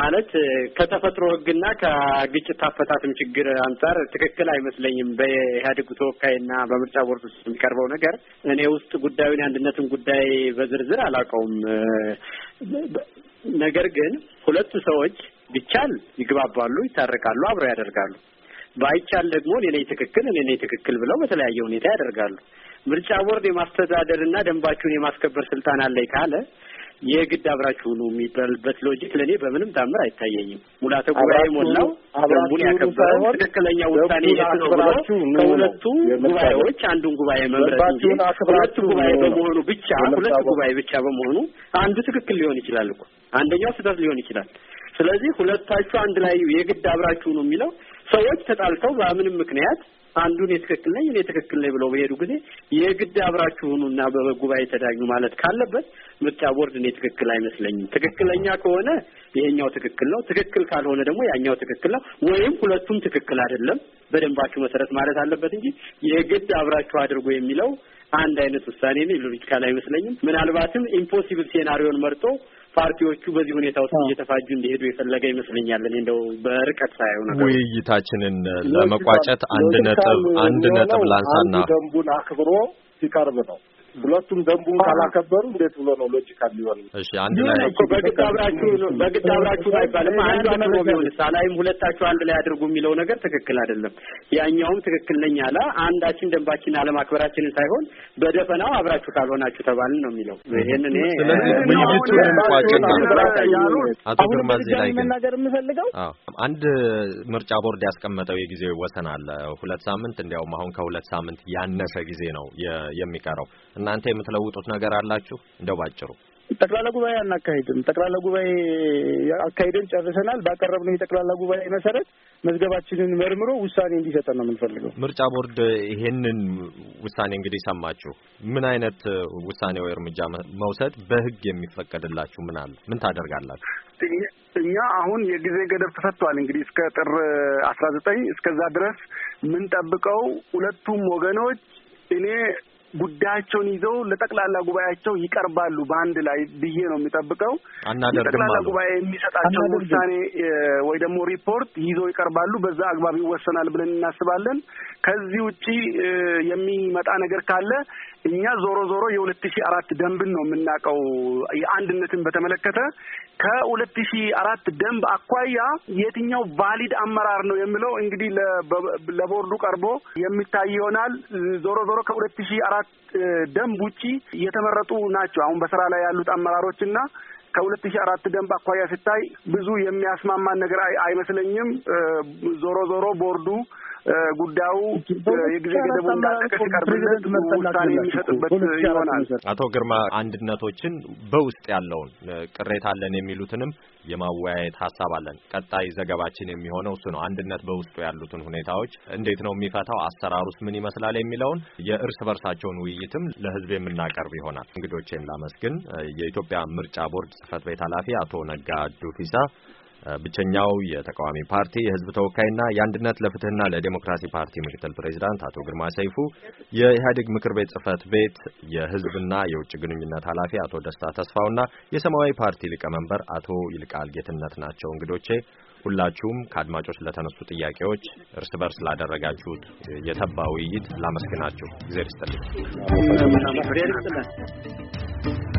S2: ማለት ከተፈጥሮ ህግና ከግጭት አፈታትም ችግር አንጻር ትክክል አይመስለኝም። በኢህአዴጉ ተወካይና በምርጫ ቦርድ ውስጥ የሚቀርበው ነገር እኔ ውስጥ ጉዳዩን የአንድነትን ጉዳይ በዝርዝር አላውቀውም። ነገር ግን ሁለቱ ሰዎች ቢቻል ይግባባሉ፣ ይታረቃሉ፣ አብረው ያደርጋሉ። ባይቻል ደግሞ እኔ ነኝ ትክክል እኔ ነኝ ትክክል ብለው በተለያየ ሁኔታ ያደርጋሉ። ምርጫ ቦርድ የማስተዳደርና ደንባችሁን የማስከበር ስልጣን አለኝ ካለ የግድ አብራችሁ ነው የሚባልበት ሎጂክ ለእኔ በምንም ታምር አይታየኝም። ሙላተ ጉባኤ ሞላው ደንቡን ያከበረ ትክክለኛ ውሳኔ የት ከሁለቱ ጉባኤዎች አንዱን ጉባኤ መምረጥ እንጂ ሁለቱ ጉባኤ በመሆኑ ብቻ ሁለቱ ጉባኤ ብቻ በመሆኑ አንዱ ትክክል ሊሆን ይችላል እኮ አንደኛው ስህተት ሊሆን ይችላል። ስለዚህ ሁለታችሁ አንድ ላይ የግድ አብራችሁ ነው የሚለው ሰዎች ተጣልተው በምንም ምክንያት አንዱን የትክክል ነኝ እኔ ትክክል ነኝ ብለው በሄዱ ጊዜ የግድ አብራችሁ ሁኑና በጉባኤ ተዳኙ ማለት ካለበት ምርጫ ቦርድ እኔ ትክክል አይመስለኝም። ትክክለኛ ከሆነ ይሄኛው ትክክል ነው፣ ትክክል ካልሆነ ደግሞ ያኛው ትክክል ነው፣ ወይም ሁለቱም ትክክል አይደለም በደንባችሁ መሰረት ማለት አለበት እንጂ የግድ አብራችሁ አድርጎ የሚለው አንድ አይነት ውሳኔ ነው፣ ሎጂካል አይመስለኝም። ምናልባትም ኢምፖሲብል ሴናሪዮን መርጦ ፓርቲዎቹ በዚህ ሁኔታ ውስጥ እየተፋጁ እንዲሄዱ የፈለገ ይመስለኛል። እኔ እንደው በርቀት ሳይሆ ሳይሆን
S1: ውይይታችንን ለመቋጨት አንድ ነጥብ አንድ ነጥብ ላንሳና
S5: ደንቡን አክብሮ ሲቀርብ ነው። ሁለቱም ደንቡን ካላከበሩ
S2: እንዴት ብሎ ነው ሎጂካል ሊሆን?
S1: እሺ አንድ ላይ በግድ አብራችሁ በግድ አብራችሁ አይባልም። አንዱ አድርጎ ቢሆንስ
S2: አላይም ሁለታችሁ አንድ ላይ አድርጉ የሚለው ነገር ትክክል አይደለም። ያኛውም ትክክል ነኝ አለ። አንዳችን ደንባችን አለማክበራችንን ሳይሆን በደፈናው አብራችሁ ካልሆናችሁ ተባልን ነው የሚለው። ይሄን እኔ አቶ
S1: ግርማ እዚህ ላይ መናገር የምፈልገው አንድ ምርጫ ቦርድ ያስቀመጠው የጊዜ ወሰን አለ። ሁለት ሳምንት እንዲያውም አሁን ከሁለት ሳምንት ያነሰ ጊዜ ነው የሚቀረው። እናንተ የምትለውጡት ነገር አላችሁ? እንደው ባጭሩ
S4: ጠቅላላ ጉባኤ አናካሂድም። ጠቅላላ ጉባኤ አካሂደን ጨርሰናል። ባቀረብነው የጠቅላላ ጉባኤ መሰረት መዝገባችንን መርምሮ ውሳኔ እንዲሰጠን ነው የምንፈልገው።
S1: ምርጫ ቦርድ ይሄንን ውሳኔ እንግዲህ ሰማችሁ። ምን አይነት ውሳኔ ወይ እርምጃ መውሰድ በህግ የሚፈቀድላችሁ ምን አለ? ምን ታደርጋላችሁ?
S3: እኛ አሁን የጊዜ ገደብ ተሰጥቷል። እንግዲህ እስከ ጥር አስራ ዘጠኝ እስከዛ ድረስ የምንጠብቀው ሁለቱም ወገኖች እኔ ጉዳያቸውን ይዘው ለጠቅላላ ጉባኤያቸው ይቀርባሉ በአንድ ላይ ብዬ ነው የሚጠብቀው።
S1: ለጠቅላላ ጉባኤ
S3: የሚሰጣቸው ውሳኔ ወይ ደግሞ ሪፖርት ይዘው ይቀርባሉ። በዛ አግባብ ይወሰናል ብለን እናስባለን። ከዚህ ውጪ የሚመጣ ነገር ካለ እኛ ዞሮ ዞሮ የሁለት ሺህ አራት ደንብን ነው የምናውቀው። የአንድነትን በተመለከተ ከሁለት ሺህ አራት ደንብ አኳያ የትኛው ቫሊድ አመራር ነው የሚለው እንግዲህ ለቦርዱ ቀርቦ የሚታይ ይሆናል። ዞሮ ዞሮ ከሁለት ሺህ አራት ደንብ ውጪ የተመረጡ ናቸው። አሁን በስራ ላይ ያሉት አመራሮች እና ከሁለት ሺህ አራት ደንብ አኳያ ሲታይ ብዙ የሚያስማማን ነገር አይመስለኝም። ዞሮ ዞሮ ቦርዱ ጉዳዩ የጊዜ ገደቡ እንዳለቀ ሲቀርብለት ውሳኔ የሚሰጥበት ይሆናል።
S1: አቶ ግርማ አንድነቶችን በውስጥ ያለውን ቅሬታ አለን የሚሉትንም የማወያየት ሀሳብ አለን። ቀጣይ ዘገባችን የሚሆነው እሱ ነው። አንድነት በውስጡ ያሉትን ሁኔታዎች እንዴት ነው የሚፈታው፣ አሰራሩስ ምን ይመስላል የሚለውን የእርስ በርሳቸውን ውይይትም ለህዝብ የምናቀርብ ይሆናል። እንግዶቼን ላመስግን። የኢትዮጵያ ምርጫ ቦርድ ጽህፈት ቤት ኃላፊ አቶ ነጋ ዱፊሳ ብቸኛው የተቃዋሚ ፓርቲ የህዝብ ተወካይና የአንድነት ለፍትህና ለዴሞክራሲ ፓርቲ ምክትል ፕሬዚዳንት አቶ ግርማ ሰይፉ፣ የኢህአዴግ ምክር ቤት ጽህፈት ቤት የህዝብና የውጭ ግንኙነት ኃላፊ አቶ ደስታ ተስፋውና የሰማያዊ ፓርቲ ሊቀመንበር አቶ ይልቃል ጌትነት ናቸው እንግዶቼ። ሁላችሁም ከአድማጮች ለተነሱ ጥያቄዎች እርስ በርስ ላደረጋችሁት የተባ
S6: ውይይት ላመስግናችሁ። እግዜር ይስጥልኝ።